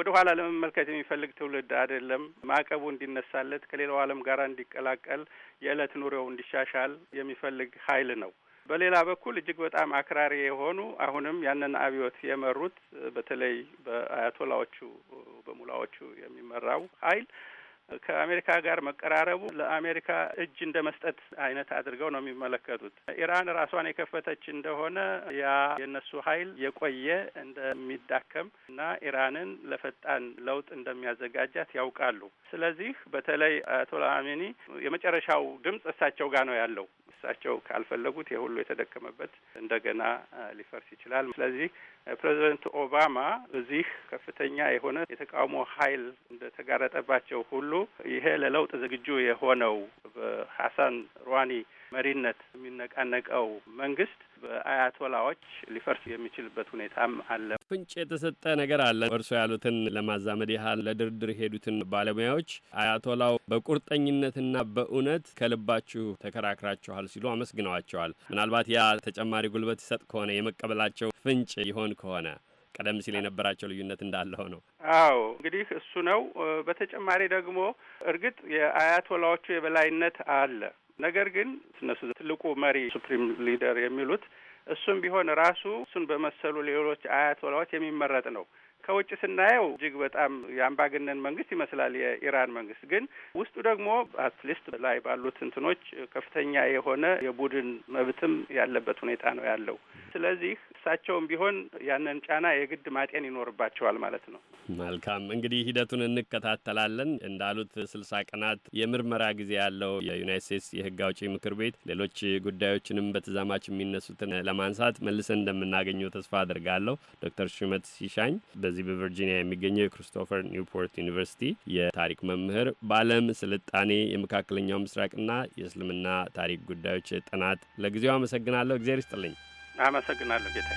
Speaker 4: ወደ ኋላ ለመመልከት የሚፈልግ ትውልድ አይደለም። ማዕቀቡ እንዲነሳለት ከሌላው ዓለም ጋር እንዲቀላቀል የዕለት ኑሮው እንዲሻሻል የሚፈልግ ኃይል ነው። በሌላ በኩል እጅግ በጣም አክራሪ የሆኑ አሁንም ያንን አብዮት የመሩት በተለይ በአያቶላዎቹ በሙላዎቹ የሚመራው ኃይል ከአሜሪካ ጋር መቀራረቡ ለአሜሪካ እጅ እንደ መስጠት አይነት አድርገው ነው የሚመለከቱት። ኢራን ራሷን የከፈተች እንደሆነ ያ የእነሱ ኃይል የቆየ እንደሚዳከም እና ኢራንን ለፈጣን ለውጥ እንደሚያዘጋጃት ያውቃሉ። ስለዚህ በተለይ አያቶላህ ሀሜኒ የመጨረሻው ድምጽ እሳቸው ጋር ነው ያለው። እሳቸው ካልፈለጉት የሁሉ የተደከመበት እንደገና ሊፈርስ ይችላል። ስለዚህ ፕሬዚደንት ኦባማ እዚህ ከፍተኛ የሆነ የተቃውሞ ኃይል እንደተጋረጠባቸው ሁሉ ይሄ ለለውጥ ዝግጁ የሆነው በሀሳን ሩዋኒ መሪነት የሚነቃነቀው መንግስት በአያቶላዎች ሊፈርስ የሚችልበት ሁኔታም አለ።
Speaker 3: ፍንጭ የተሰጠ ነገር አለ። እርሶ ያሉትን ለማዛመድ ያህል ለድርድር የሄዱትን ባለሙያዎች አያቶላው በቁርጠኝነትና በእውነት ከልባችሁ ተከራክራችኋል ሲሉ አመስግነዋቸዋል። ምናልባት ያ ተጨማሪ ጉልበት ይሰጥ ከሆነ የመቀበላቸው ፍንጭ ይሆን ከሆነ ቀደም ሲል የነበራቸው ልዩነት እንዳለ ሆነው
Speaker 4: አዎ እንግዲህ እሱ ነው። በተጨማሪ ደግሞ እርግጥ የአያቶላዎቹ የበላይነት አለ ነገር ግን እነሱ ትልቁ መሪ ሱፕሪም ሊደር የሚሉት እሱም ቢሆን ራሱ እሱን በመሰሉ ሌሎች አያቶላዎች የሚመረጥ ነው። ከውጭ ስናየው እጅግ በጣም የአምባገነን መንግስት ይመስላል የኢራን መንግስት። ግን ውስጡ ደግሞ አትሊስት ላይ ባሉት እንትኖች ከፍተኛ የሆነ የቡድን መብትም ያለበት ሁኔታ ነው ያለው። ስለዚህ እሳቸውም ቢሆን ያንን ጫና የግድ ማጤን ይኖርባቸዋል ማለት ነው።
Speaker 3: መልካም እንግዲህ ሂደቱን እንከታተላለን። እንዳሉት ስልሳ ቀናት የምርመራ ጊዜ ያለው የዩናይት ስቴትስ የህግ አውጪ ምክር ቤት ሌሎች ጉዳዮችንም በተዛማች የሚነሱትን ለማንሳት መልሰን እንደምናገኘው ተስፋ አድርጋለሁ። ዶክተር ሹመት ሲሻኝ በዚህ በዚህ በቨርጂኒያ የሚገኘው የክሪስቶፈር ኒውፖርት ዩኒቨርሲቲ የታሪክ መምህር በዓለም ስልጣኔ የመካከለኛው ምስራቅና የእስልምና ታሪክ ጉዳዮች ጥናት። ለጊዜው አመሰግናለሁ። እግዜር ይስጥልኝ።
Speaker 4: አመሰግናለሁ ጌታ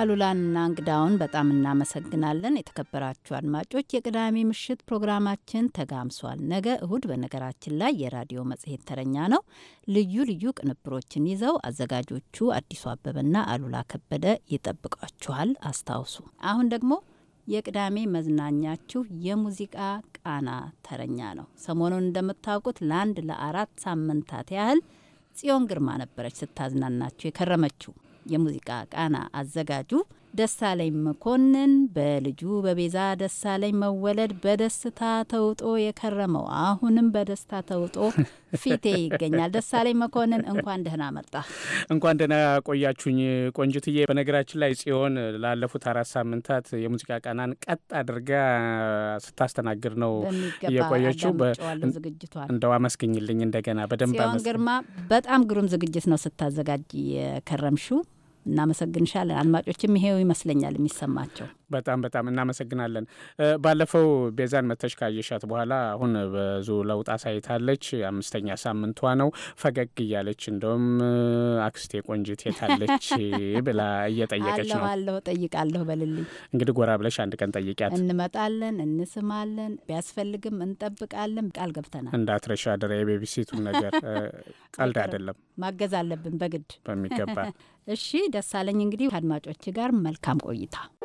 Speaker 1: አሉላንና እንግዳውን በጣም እናመሰግናለን። የተከበራችሁ አድማጮች የቅዳሜ ምሽት ፕሮግራማችን ተጋምሷል። ነገ እሁድ፣ በነገራችን ላይ የራዲዮ መጽሔት ተረኛ ነው። ልዩ ልዩ ቅንብሮችን ይዘው አዘጋጆቹ አዲሱ አበበና አሉላ ከበደ ይጠብቋችኋል። አስታውሱ። አሁን ደግሞ የቅዳሜ መዝናኛችሁ የሙዚቃ ቃና ተረኛ ነው። ሰሞኑን እንደምታውቁት ለአንድ ለአራት ሳምንታት ያህል ጽዮን ግርማ ነበረች ስታዝናናችሁ የከረመችው። የሙዚቃ ቃና አዘጋጁ ደሳለኝ መኮንን በልጁ በቤዛ ደሳለኝ መወለድ በደስታ ተውጦ የከረመው አሁንም በደስታ ተውጦ ፊቴ ይገኛል። ደሳለኝ መኮንን እንኳን ደህና መጣ።
Speaker 6: እንኳን ደህና ቆያችሁኝ ቆንጅትዬ። በነገራችን ላይ ጽዮን ላለፉት አራት ሳምንታት የሙዚቃ ቃናን ቀጥ አድርጋ ስታስተናግድ ነው የቆየችው። እንደው አመስግኝልኝ እንደገና በደንብ ጽዮን ግርማ።
Speaker 1: በጣም ግሩም ዝግጅት ነው ስታዘጋጅ የከረምሽው። እናመሰግንሻለን። አድማጮችም ይሄው ይመስለኛል የሚሰማቸው።
Speaker 6: በጣም በጣም እናመሰግናለን። ባለፈው ቤዛን መተሽ ካየሻት በኋላ አሁን ብዙ ለውጥ አሳይታለች። አምስተኛ ሳምንቷ ነው። ፈገግ እያለች እንደውም አክስቴ ቆንጅት የታለች ብላ እየጠየቀች ነው። አለሁ
Speaker 1: ጠይቃለሁ በልልኝ።
Speaker 6: እንግዲህ ጎራ ብለሽ አንድ ቀን ጠይቂያት።
Speaker 1: እንመጣለን፣ እንስማለን፣ ቢያስፈልግም እንጠብቃለን። ቃል ገብተናል።
Speaker 6: እንዳትረሻ አደራ። የቤቢሲቱ ነገር ቀልድ አይደለም፣
Speaker 1: ማገዝ አለብን በግድ በሚገባ። እሺ ደሳለኝ፣ እንግዲህ
Speaker 6: ከአድማጮች ጋር መልካም ቆይታ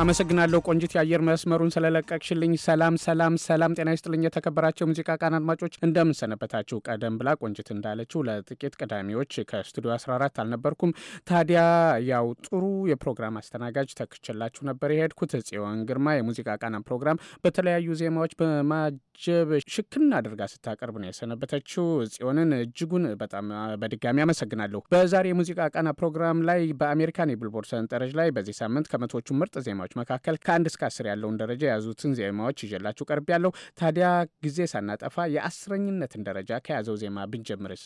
Speaker 6: አመሰግናለሁ ቆንጂት፣ የአየር መስመሩን ስለለቀቅሽልኝ። ሰላም ሰላም ሰላም፣ ጤና ይስጥልኝ የተከበራቸው ሙዚቃ ቃን አድማጮች እንደምንሰነበታችሁ። ቀደም ብላ ቆንጂት እንዳለችው ለጥቂት ቅዳሜዎች ከስቱዲዮ 14 አልነበርኩም። ታዲያ ያው ጥሩ የፕሮግራም አስተናጋጅ ተክችላችሁ ነበር የሄድኩት። ጽዮን ግርማ የሙዚቃ ቃና ፕሮግራም በተለያዩ ዜማዎች በማጀብ ሽክና አድርጋ ስታቀርብ ነው የሰነበተችው። ጽዮንን እጅጉን በጣም በድጋሚ አመሰግናለሁ። በዛሬ የሙዚቃ ቃና ፕሮግራም ላይ በአሜሪካን የቢልቦርድ ሰንጠረዥ ላይ በዚህ ሳምንት ከመቶዎቹ ምርጥ ዜማ ዜማዎች መካከል ከአንድ እስከ አስር ያለውን ደረጃ የያዙትን ዜማዎች ይዤላችሁ ቀርብ ያለው። ታዲያ ጊዜ ሳናጠፋ የአስረኝነትን ደረጃ ከያዘው ዜማ ብንጀምርስ?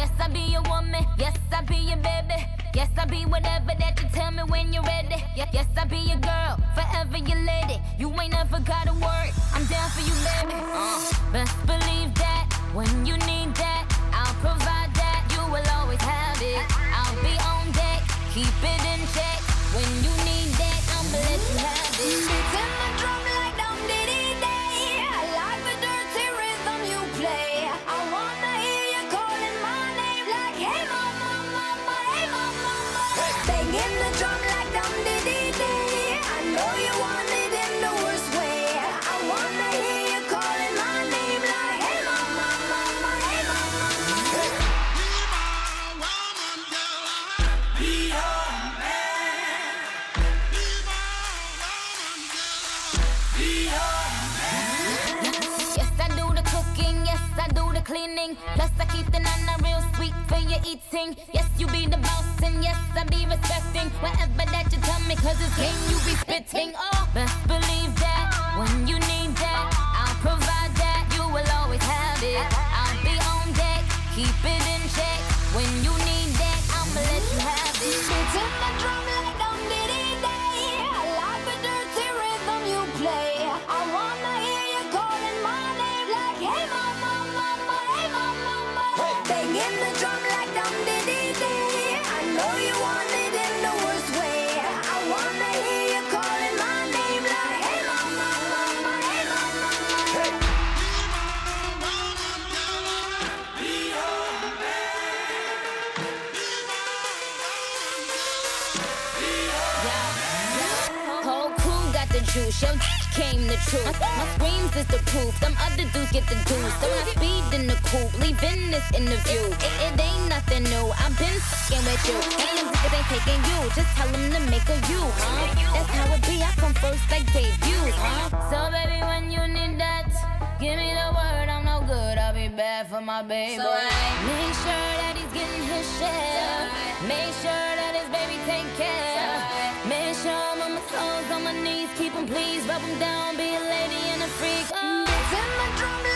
Speaker 7: Yes, I be your woman. Yes, I be your baby. Yes, I be whatever that tell me when you're ready. Yes, I'll be your girl, forever your lady. You ain't never gotta worry, I'm down for you, baby. Uh, best believe that when you need that, I'll provide that. You will always have it. I'll be on deck, keep it in check. When you need that, I'ma let you have it. eating. Yes, you be the boss, and yes, I be respecting whatever that you tell me, cause it's game you be spitting. Oh, truth. My, screams is the proof. Some other dudes get the juice. So I speed in the coupe, leaving this interview. It, it ain't nothing new. I've been fucking with you. And them niggas ain't taking you. Just tell them to make a you, huh? That's how it be. I come first like debut, huh? So baby, when you need that, give me the word. I'm no good. I'll be bad for my baby. So I make sure that he's getting his share. Make sure that his baby take care clothes on my knees, keep them please, rub them down, be a lady and a freak. Oh. Mm. Dancing my drum.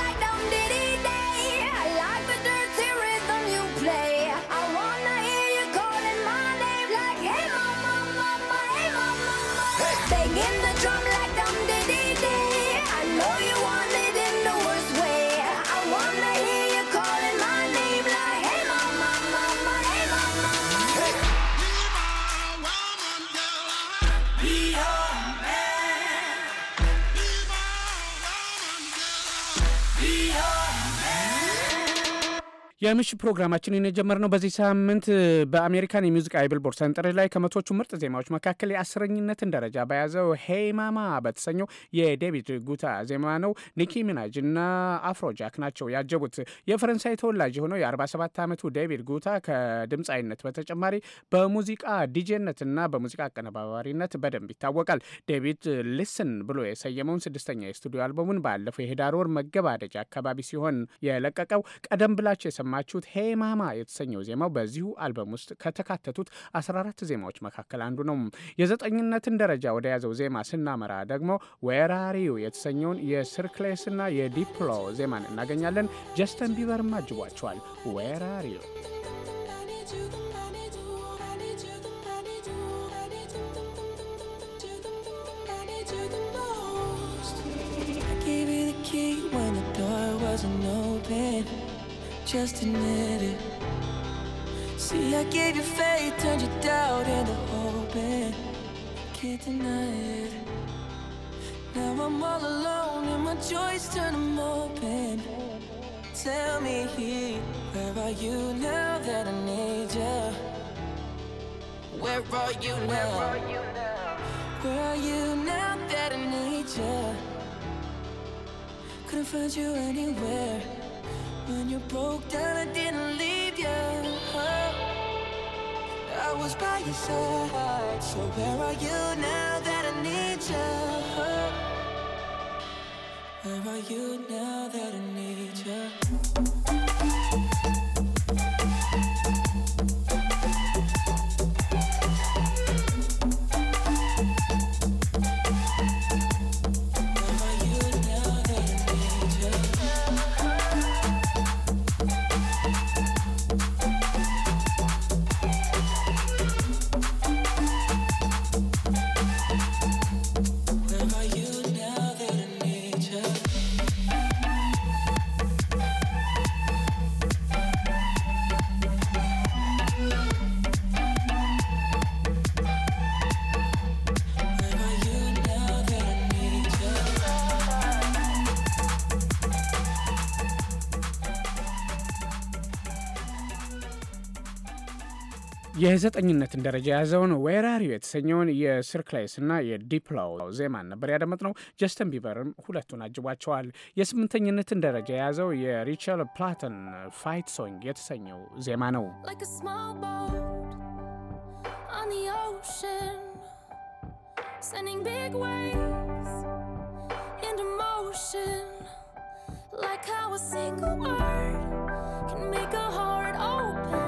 Speaker 6: የምሽት ፕሮግራማችንን የጀመርነው በዚህ ሳምንት በአሜሪካን የሙዚቃ የቢልቦርድ ሰንጠረዥ ላይ ከመቶቹ ምርጥ ዜማዎች መካከል የአስረኝነትን ደረጃ በያዘው ሄይ ማማ በተሰኘው የዴቪድ ጉታ ዜማ ነው። ኒኪ ሚናጅ እና አፍሮጃክ ናቸው ያጀቡት። የፈረንሳይ ተወላጅ የሆነው የ47 ዓመቱ ዴቪድ ጉታ ከድምፃዊነት በተጨማሪ በሙዚቃ ዲጄነትና በሙዚቃ አቀነባባሪነት በደንብ ይታወቃል። ዴቪድ ሊስን ብሎ የሰየመውን ስድስተኛ የስቱዲዮ አልበሙን ባለፈው የህዳር ወር መገባደጃ አካባቢ ሲሆን የለቀቀው ቀደም ብላቸው የሰማ የሰማችሁት ሄማማ የተሰኘው ዜማው በዚሁ አልበም ውስጥ ከተካተቱት 14 ዜማዎች መካከል አንዱ ነው። የዘጠኝነትን ደረጃ ወደ ያዘው ዜማ ስናመራ ደግሞ ወራሪዩ የተሰኘውን የስርክሌስና የዲፕሎ ዜማን እናገኛለን። ጀስተን ቢበርም አጅቧቸዋል። ወራሪዩ
Speaker 8: wasn't open just admit it. See, I gave you faith, turned your doubt into hope, and can't deny it. Now I'm all alone, and my joys turn them open. Tell me, where are you now that I need you? Where are you now? Where are you now that I need you? Couldn't find you anywhere. When you broke down, I didn't leave you. I was by your side. So where are you now that I need you? Where are you now that I need you?
Speaker 6: የዘጠኝነትን ደረጃ የያዘውን ዌራሪዮ የተሰኘውን የሲርክሌስ እና የዲፕሎ ዜማን ነበር ያደመጥነው። ጀስተን ቢበርም ሁለቱን አጅቧቸዋል። የስምንተኝነትን ደረጃ የያዘው የሪቸል ፕላተን ፋይት ሶንግ የተሰኘው ዜማ ነው።
Speaker 9: Like how a single word can make a heart open.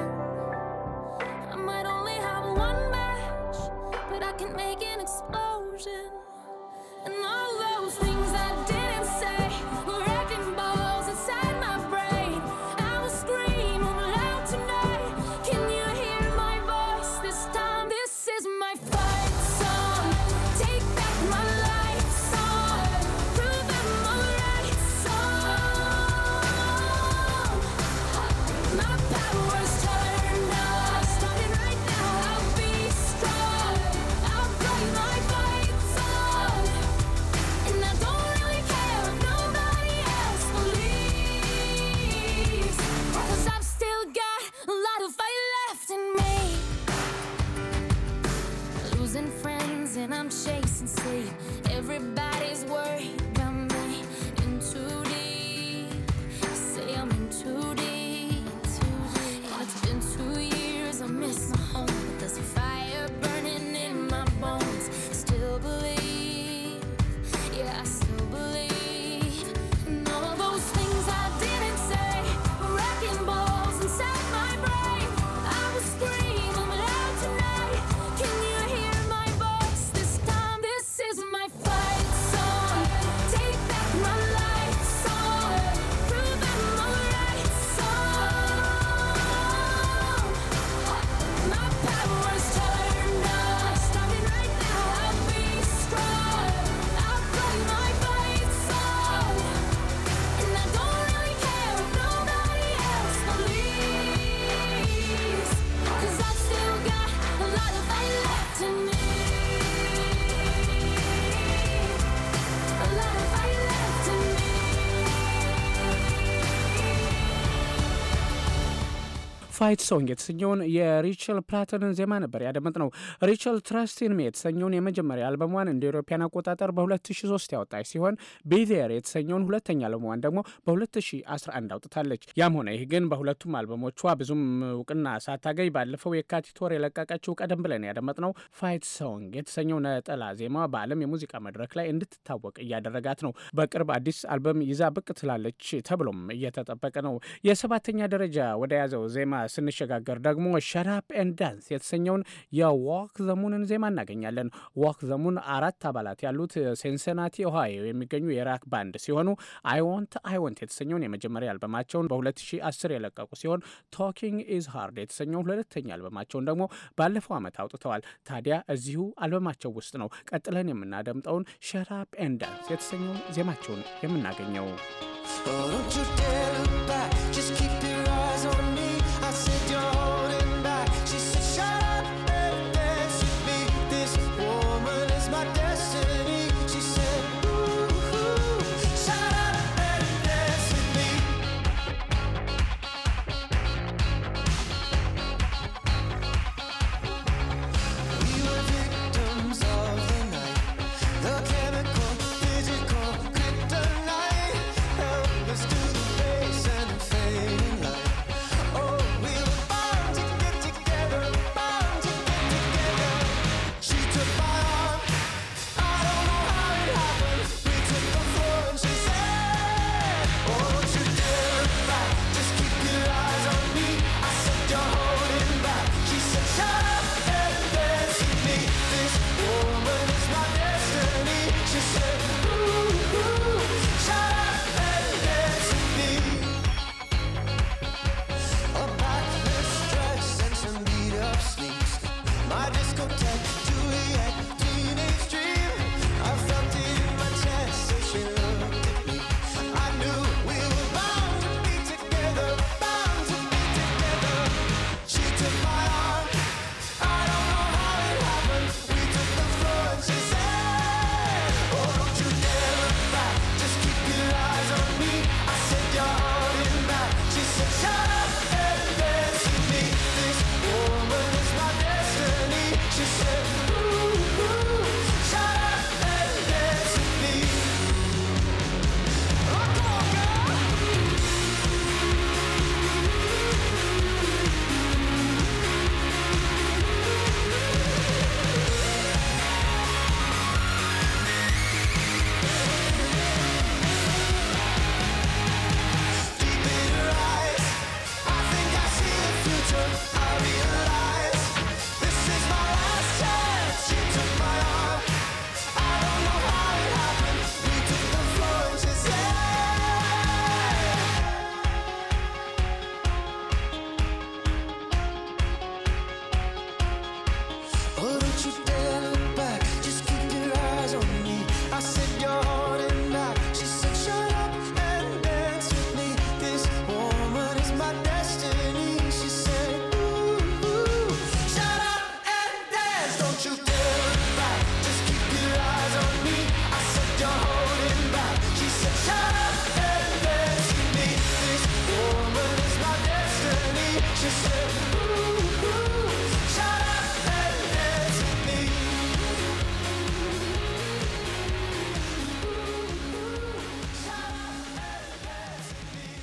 Speaker 6: ፋይት ሶንግ የተሰኘውን የሪቸል ፕላተንን ዜማ ነበር ነው። ሪቸል ትረስቲን ሚ የተሰኘውን የመጀመሪያ አልበሟን እንደ ኤሮፓያን አቆጣጠር በ2003 ያወጣች ሲሆን ቢዜር የተሰኘውን ሁለተኛ አልበሟን ደግሞ በ2011 አውጥታለች። ያም ሆነ ይህ ግን በሁለቱም አልበሞቿ ብዙም እውቅና ሳታገኝ ባለፈው የካቲት ወር የለቀቀችው ቀደም ብለን ነው ፋይት ሶንግ የተሰኘው ነጠላ ዜማ በዓለም የሙዚቃ መድረክ ላይ እንድትታወቅ እያደረጋት ነው። በቅርብ አዲስ አልበም ይዛ ብቅ ትላለች ተብሎም እየተጠበቀ ነው። የሰባተኛ ደረጃ ወደ ያዘው ዜማ ስንሸጋገር ደግሞ ሸራፕ ኤን ዳንስ የተሰኘውን የዋክ ዘሙንን ዜማ እናገኛለን። ዋክ ዘሙን አራት አባላት ያሉት ሴንሰናቲ ኦሃዮ የሚገኙ የራክ ባንድ ሲሆኑ አይወንት አይወንት የተሰኘውን የመጀመሪያ አልበማቸውን በ2010 የለቀቁ ሲሆን ቶኪንግ ኢዝ ሃርድ የተሰኘውን ሁለተኛ አልበማቸውን ደግሞ ባለፈው ዓመት አውጥተዋል። ታዲያ እዚሁ አልበማቸው ውስጥ ነው ቀጥለን የምናደምጠውን ሸራፕ ኤን ዳንስ የተሰኘውን ዜማቸውን የምናገኘው።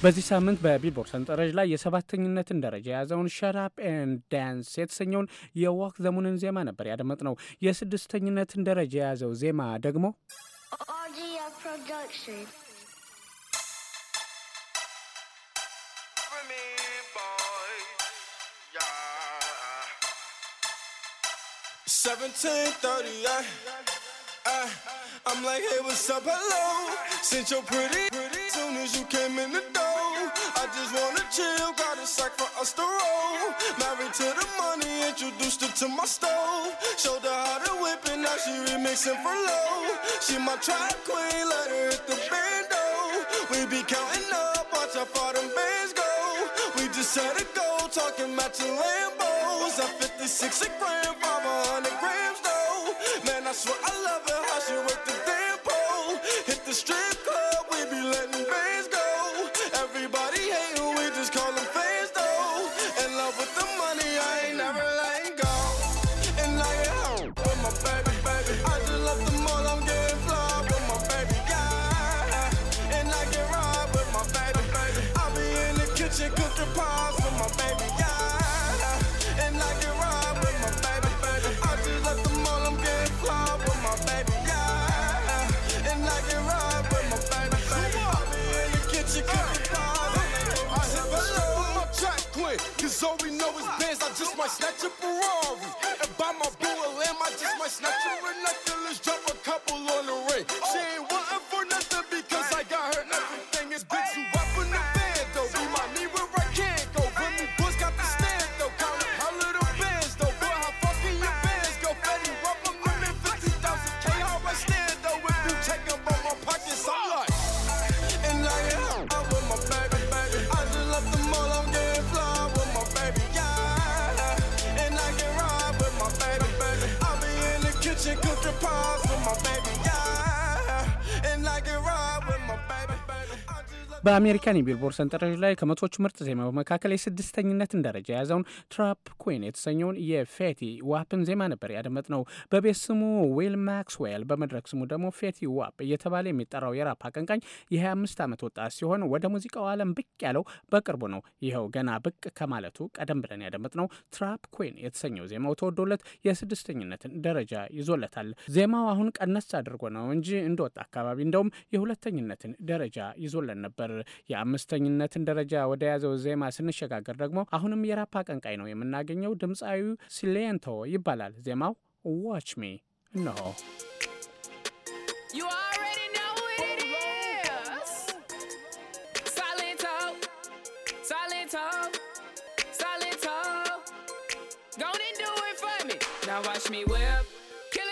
Speaker 6: በዚህ ሳምንት በቢልቦርድ ሰንጠረዥ ላይ የሰባተኝነትን ደረጃ የያዘውን ሸራፕ ን ዳንስ የተሰኘውን የዋክ ዘሙንን ዜማ ነበር ያደመጥ ነው። የስድስተኝነትን ደረጃ የያዘው ዜማ ደግሞ
Speaker 10: eh, eh. I'm like, hey, what's up? Hello, since you're pretty. soon as you came in the door. I just wanna chill, got a sack for us to roll. Married to the money, introduced her to my stove. Showed her how to whip it, now she remixing for low. She my track queen, let her hit the bando. We be counting up, watch how far them bands go. We just set a goal, talking matching Lambos. At 56 a gram, 500 grams though. Man, I swear I love it, how she work the day. So we know it's bands. I just might snatch a Ferrari and buy my boo
Speaker 6: በአሜሪካን የቢልቦርድ ሰንጠረዥ ላይ ከመቶዎቹ ምርጥ ዜማ መካከል የስድስተኝነትን ደረጃ የያዘውን ትራፕ ኩን የተሰኘውን የፌቲ ዋፕን ዜማ ነበር ያደመጥ ነው። በቤት ስሙ ዊል ማክስዌል በመድረክ ስሙ ደግሞ ፌቲ ዋፕ እየተባለ የሚጠራው የራፕ አቀንቃኝ የ25 ዓመት ወጣት ሲሆን ወደ ሙዚቃው ዓለም ብቅ ያለው በቅርቡ ነው። ይኸው ገና ብቅ ከማለቱ ቀደም ብለን ያደመጥ ነው ትራፕ ኩን የተሰኘው ዜማው ተወዶለት የስድስተኝነትን ደረጃ ይዞለታል። ዜማው አሁን ቀነስ አድርጎ ነው እንጂ እንደወጣ አካባቢ እንደውም የሁለተኝነትን ደረጃ ይዞለን ነበር። የአምስተኝነትን ደረጃ ወደ ያዘው ዜማ ስንሸጋገር ደግሞ አሁንም የራፕ ቀንቃይ ነው የምናገኘው። ድምፃዊው ሲሌንቶ ይባላል። ዜማው ዋች ሚ እነሆ።
Speaker 11: Now watch me well.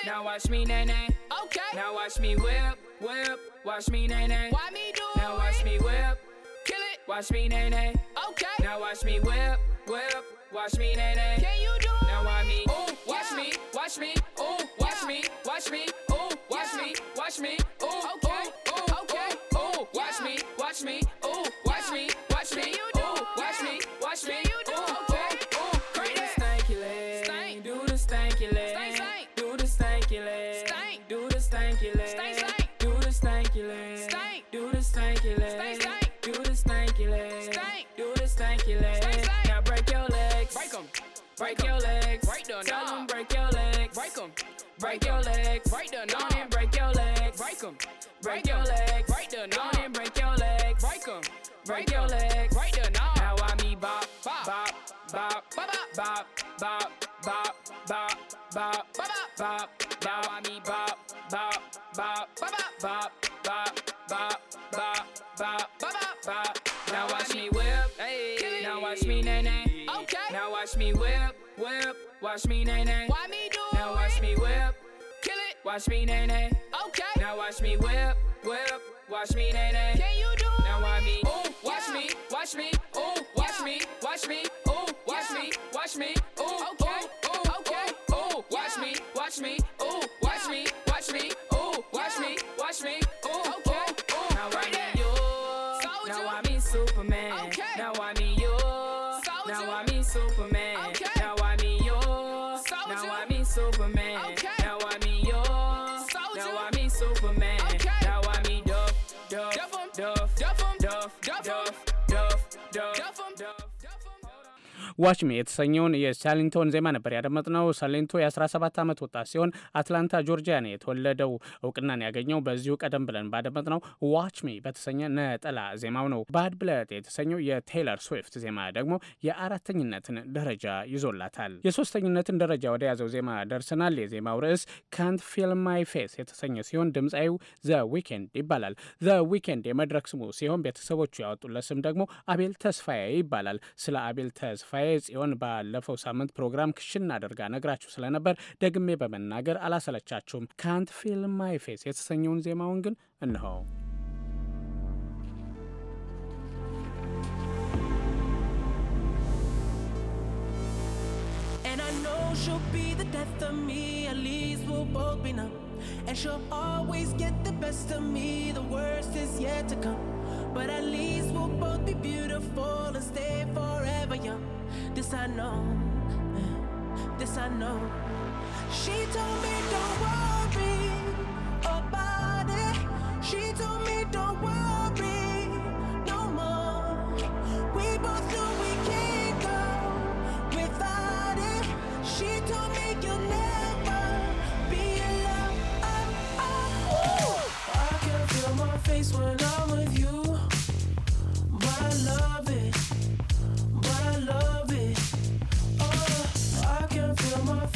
Speaker 11: it. Now watch me, nay nay. Okay. Now watch me whip, whip. Watch me, nay nay. Why me do now it? Now watch me whip. Kill it. Watch me, nay nay. Okay. Now watch me whip, whip. Watch me, nay nay. Can you do now it? Now watch me? Ooh, watch yeah. me, watch me. Ooh, watch yeah. me, watch me. Ooh, watch yeah. me, watch me. Ooh, okay. break your legs, break the on and break your legs, break them, break your legs, break the on and break your legs, break them, break your legs, break the on. Now I me bop, bop, bop, bop, bop, bop, bop, bop, bop, bop, bop, bop. Now I me bop, bop, bop, bop, bop, bop, bop, bop, bop, bop, bop. Now watch me whip, now watch me nay nay. Okay. Now watch me whip, whip, watch me nay nay. Watch me, nay, nay. Okay. Now watch me whip, whip. Watch me, nay, nay. Can you do it? Now watch me, ooh, watch yeah. me, watch me, ooh, watch yeah. me, watch me, ooh, watch yeah. me, watch me, ooh, okay. ooh, ooh, okay. ooh, ooh, watch yeah. me, watch me, ooh.
Speaker 6: ዋችሚ የተሰኘውን የሳሊንቶን ዜማ ነበር ያደመጥነው። ሳሊንቶ የ17 ዓመት ወጣት ሲሆን አትላንታ ጆርጂያ ነው የተወለደው። እውቅናን ያገኘው በዚሁ ቀደም ብለን ባደመጥነው ዋችሚ በተሰኘ ነጠላ ዜማው ነው። ባድ ብለድ የተሰኘው የቴይለር ስዊፍት ዜማ ደግሞ የአራተኝነትን ደረጃ ይዞላታል። የሶስተኝነትን ደረጃ ወደ ያዘው ዜማ ደርሰናል። የዜማው ርዕስ ካንት ፊል ማይ ፌስ የተሰኘ ሲሆን ድምፃዊው ዘ ዊኬንድ ይባላል። ዘ ዊኬንድ የመድረክ ስሙ ሲሆን ቤተሰቦቹ ያወጡለት ስም ደግሞ አቤል ተስፋዬ ይባላል። ስለ አቤል ተስፋዬ ጉዳይ ጽዮን ባለፈው ሳምንት ፕሮግራም ክሽን አድርጋ ነግራችሁ ስለነበር ደግሜ በመናገር አላሰለቻችሁም። ካንት ፊል ማይ ፌስ የተሰኘውን ዜማውን ግን እንሆ
Speaker 8: She'll be the death of me, at least we'll both be numb. And she'll always get the best of me, the worst is yet to come. But at least we'll both be beautiful and stay forever young. This I know. This I know. She told me don't worry about it. She told me don't worry no more. We both know we can't go without it. She told me you'll never be alone. I, uh, I, uh, I can feel my face when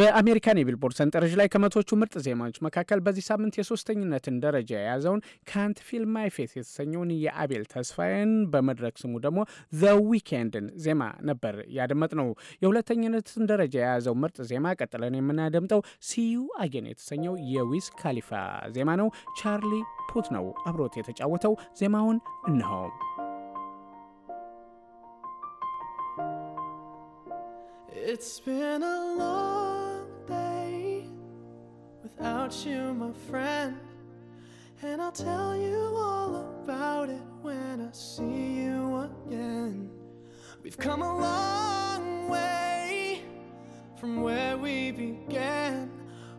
Speaker 6: በአሜሪካን የቢልቦርድ ሰንጠረዥ ላይ ከመቶቹ ምርጥ ዜማዎች መካከል በዚህ ሳምንት የሶስተኝነትን ደረጃ የያዘውን ካንት ፊል ማይ ፌስ የተሰኘውን የአቤል ተስፋዬን በመድረክ ስሙ ደግሞ ዘ ዊኬንድን ዜማ ነበር ያደመጥ ነው። የሁለተኝነትን ደረጃ የያዘው ምርጥ ዜማ ቀጥለን የምናደምጠው ሲዩ አጌን የተሰኘው የዊስ ካሊፋ ዜማ ነው። ቻርሊ ፑት ነው አብሮት የተጫወተው ዜማውን እነሆ። It's been
Speaker 12: a long without you, my friend. And I'll tell you all about it when I see you again. We've come a long way from where we began.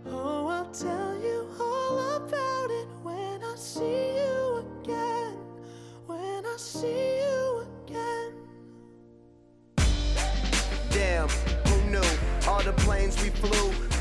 Speaker 12: Oh, I'll tell you all about it when I see you again. When I see you again. Damn, who knew
Speaker 13: all the planes we flew?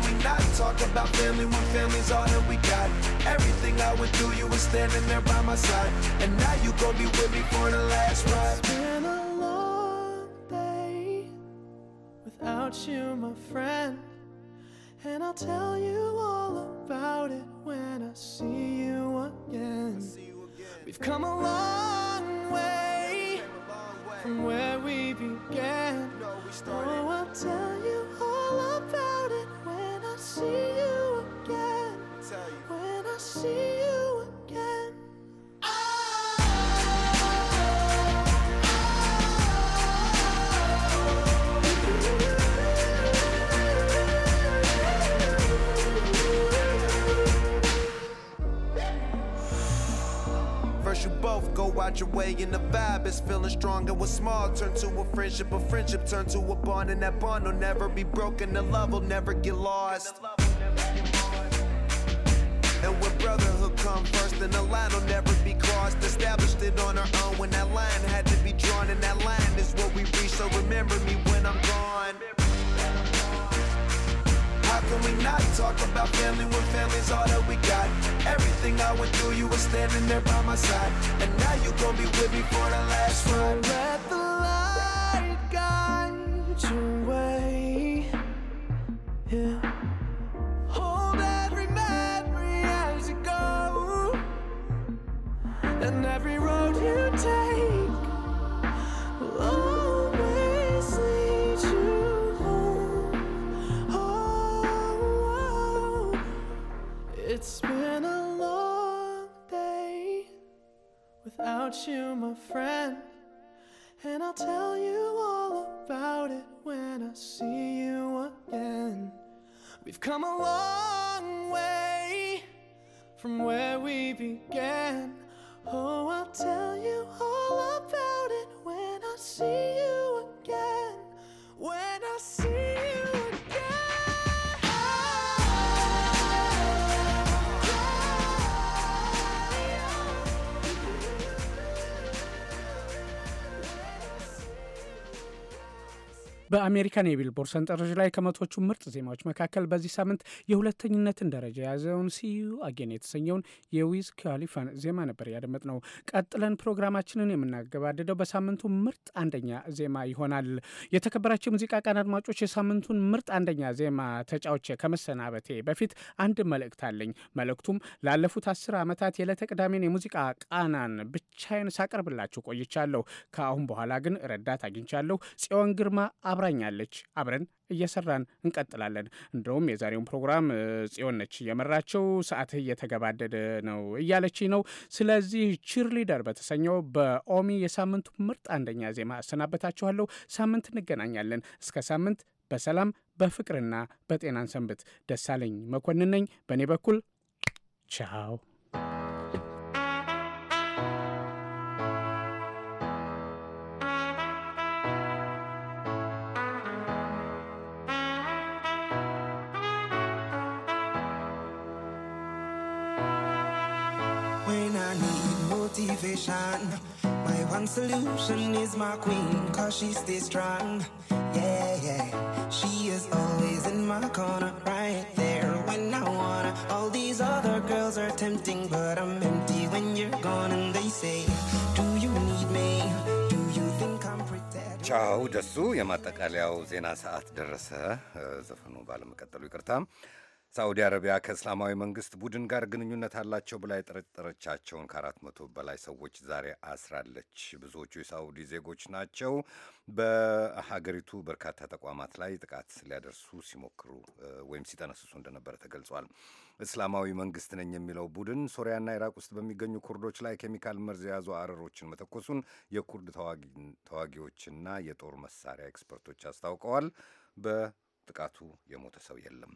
Speaker 13: can we not talk about family when family's all that we got? Everything I would do, you were standing there by my side. And now you gon' be with me for the last ride. It's been a long
Speaker 12: day without you, my friend. And I'll tell you all about it when I see you again. See you again. We've come a long way from where we began. No, we oh, I'll tell you all about
Speaker 13: your way and the vibe is feeling strong and what's small turn to a friendship a friendship turn to a bond and that bond will never be broken the love will never get lost and when brotherhood come first then the line will never be crossed established it on our own when that line had to be drawn and that line is what we reach so remember me when when we not Talk about family when family's all that we got Everything I went through, you were standing there by my side And now you gon' be with me for the last ride
Speaker 12: We've come a long way from where we began. Oh, I'll tell you all about it when I see you again. When I see
Speaker 6: በአሜሪካን የቢልቦርድ ሰንጠረዥ ላይ ከመቶቹ ምርጥ ዜማዎች መካከል በዚህ ሳምንት የሁለተኝነትን ደረጃ የያዘውን ሲዩ አጌን የተሰኘውን የዊዝ ካሊፋን ዜማ ነበር ያደመጥ ነው። ቀጥለን ፕሮግራማችንን የምናገባድደው በሳምንቱ ምርጥ አንደኛ ዜማ ይሆናል። የተከበራቸው የሙዚቃ ቃን አድማጮች፣ የሳምንቱን ምርጥ አንደኛ ዜማ ተጫዎች ከመሰናበቴ በፊት አንድ መልእክት አለኝ። መልእክቱም ላለፉት አስር ዓመታት የዕለተ ቅዳሜን የሙዚቃ ቃናን ብቻዬን ሳቀርብላችሁ ቆይቻለሁ። ከአሁን በኋላ ግን ረዳት አግኝቻለሁ። ጽዮን ግርማ አብራኛለች። አብረን እየሰራን እንቀጥላለን። እንደውም የዛሬውን ፕሮግራም ጽዮን ነች የመራችው። ሰዓትህ እየተገባደደ ነው እያለች ነው። ስለዚህ ቺርሊደር በተሰኘው በኦሚ የሳምንቱ ምርጥ አንደኛ ዜማ አሰናበታችኋለሁ። ሳምንት እንገናኛለን። እስከ ሳምንት በሰላም በፍቅርና በጤናን ሰንብት። ደሳለኝ መኮንን ነኝ። በእኔ በኩል ቻው።
Speaker 8: suspicion. My one solution is my queen, cause she stays strong. Yeah, yeah. She is always in my corner, right there when I wanna. All these other girls are tempting, but I'm empty when you're gone, and they
Speaker 13: say, Do you need me? Do you think I'm
Speaker 2: pretending? ቻው ደሱ የማጠቃለያው ዜና ሰዓት ደረሰ። ዘፈኑ ባለመቀጠሉ ይቅርታ። ሳዑዲ አረቢያ ከእስላማዊ መንግስት ቡድን ጋር ግንኙነት አላቸው ብላ የጠረጠረቻቸውን ከአራት መቶ በላይ ሰዎች ዛሬ አስራለች። ብዙዎቹ የሳዑዲ ዜጎች ናቸው። በሀገሪቱ በርካታ ተቋማት ላይ ጥቃት ሊያደርሱ ሲሞክሩ ወይም ሲጠነስሱ እንደነበረ ተገልጿል። እስላማዊ መንግስት ነኝ የሚለው ቡድን ሶሪያና ኢራቅ ውስጥ በሚገኙ ኩርዶች ላይ ኬሚካል መርዝ የያዙ አረሮችን መተኮሱን የኩርድ ተዋጊዎችና የጦር መሳሪያ ኤክስፐርቶች አስታውቀዋል። ጥቃቱ የሞተ ሰው የለም።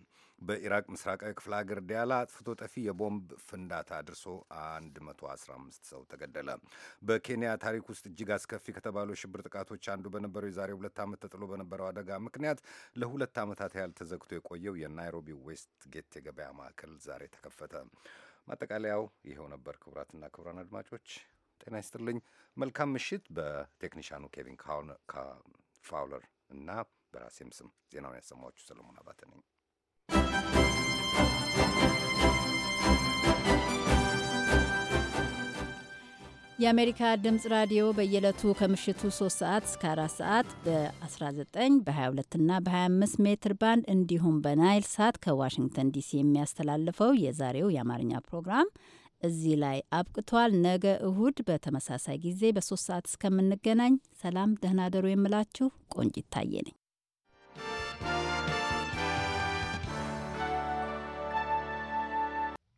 Speaker 2: በኢራቅ ምስራቃዊ ክፍለ ሀገር ዲያላ አጥፍቶ ጠፊ የቦምብ ፍንዳታ አድርሶ 115 ሰው ተገደለ። በኬንያ ታሪክ ውስጥ እጅግ አስከፊ ከተባሉ የሽብር ጥቃቶች አንዱ በነበረው የዛሬ ሁለት ዓመት ተጥሎ በነበረው አደጋ ምክንያት ለሁለት ዓመታት ያህል ተዘግቶ የቆየው የናይሮቢ ዌስት ጌት የገበያ ማዕከል ዛሬ ተከፈተ። ማጠቃለያው ይኸው ነበር። ክቡራትና ክቡራን አድማጮች ጤና ይስጥልኝ። መልካም ምሽት። በቴክኒሻኑ ኬቪን ፋውለር እና በራሴም ስም ዜናውን ያሰማችሁ ሰለሞን አባተ ነኝ።
Speaker 1: የአሜሪካ ድምፅ ራዲዮ በየዕለቱ ከምሽቱ 3 ሰዓት እስከ 4 ሰዓት በ19 በ22 እና በ25 ሜትር ባንድ እንዲሁም በናይል ሳት ከዋሽንግተን ዲሲ የሚያስተላልፈው የዛሬው የአማርኛ ፕሮግራም እዚህ ላይ አብቅቷል። ነገ እሁድ በተመሳሳይ ጊዜ በ3 ሰዓት እስከምንገናኝ ሰላም፣ ደህና ደሩ የምላችሁ ቆንጅ ይታየ ነኝ።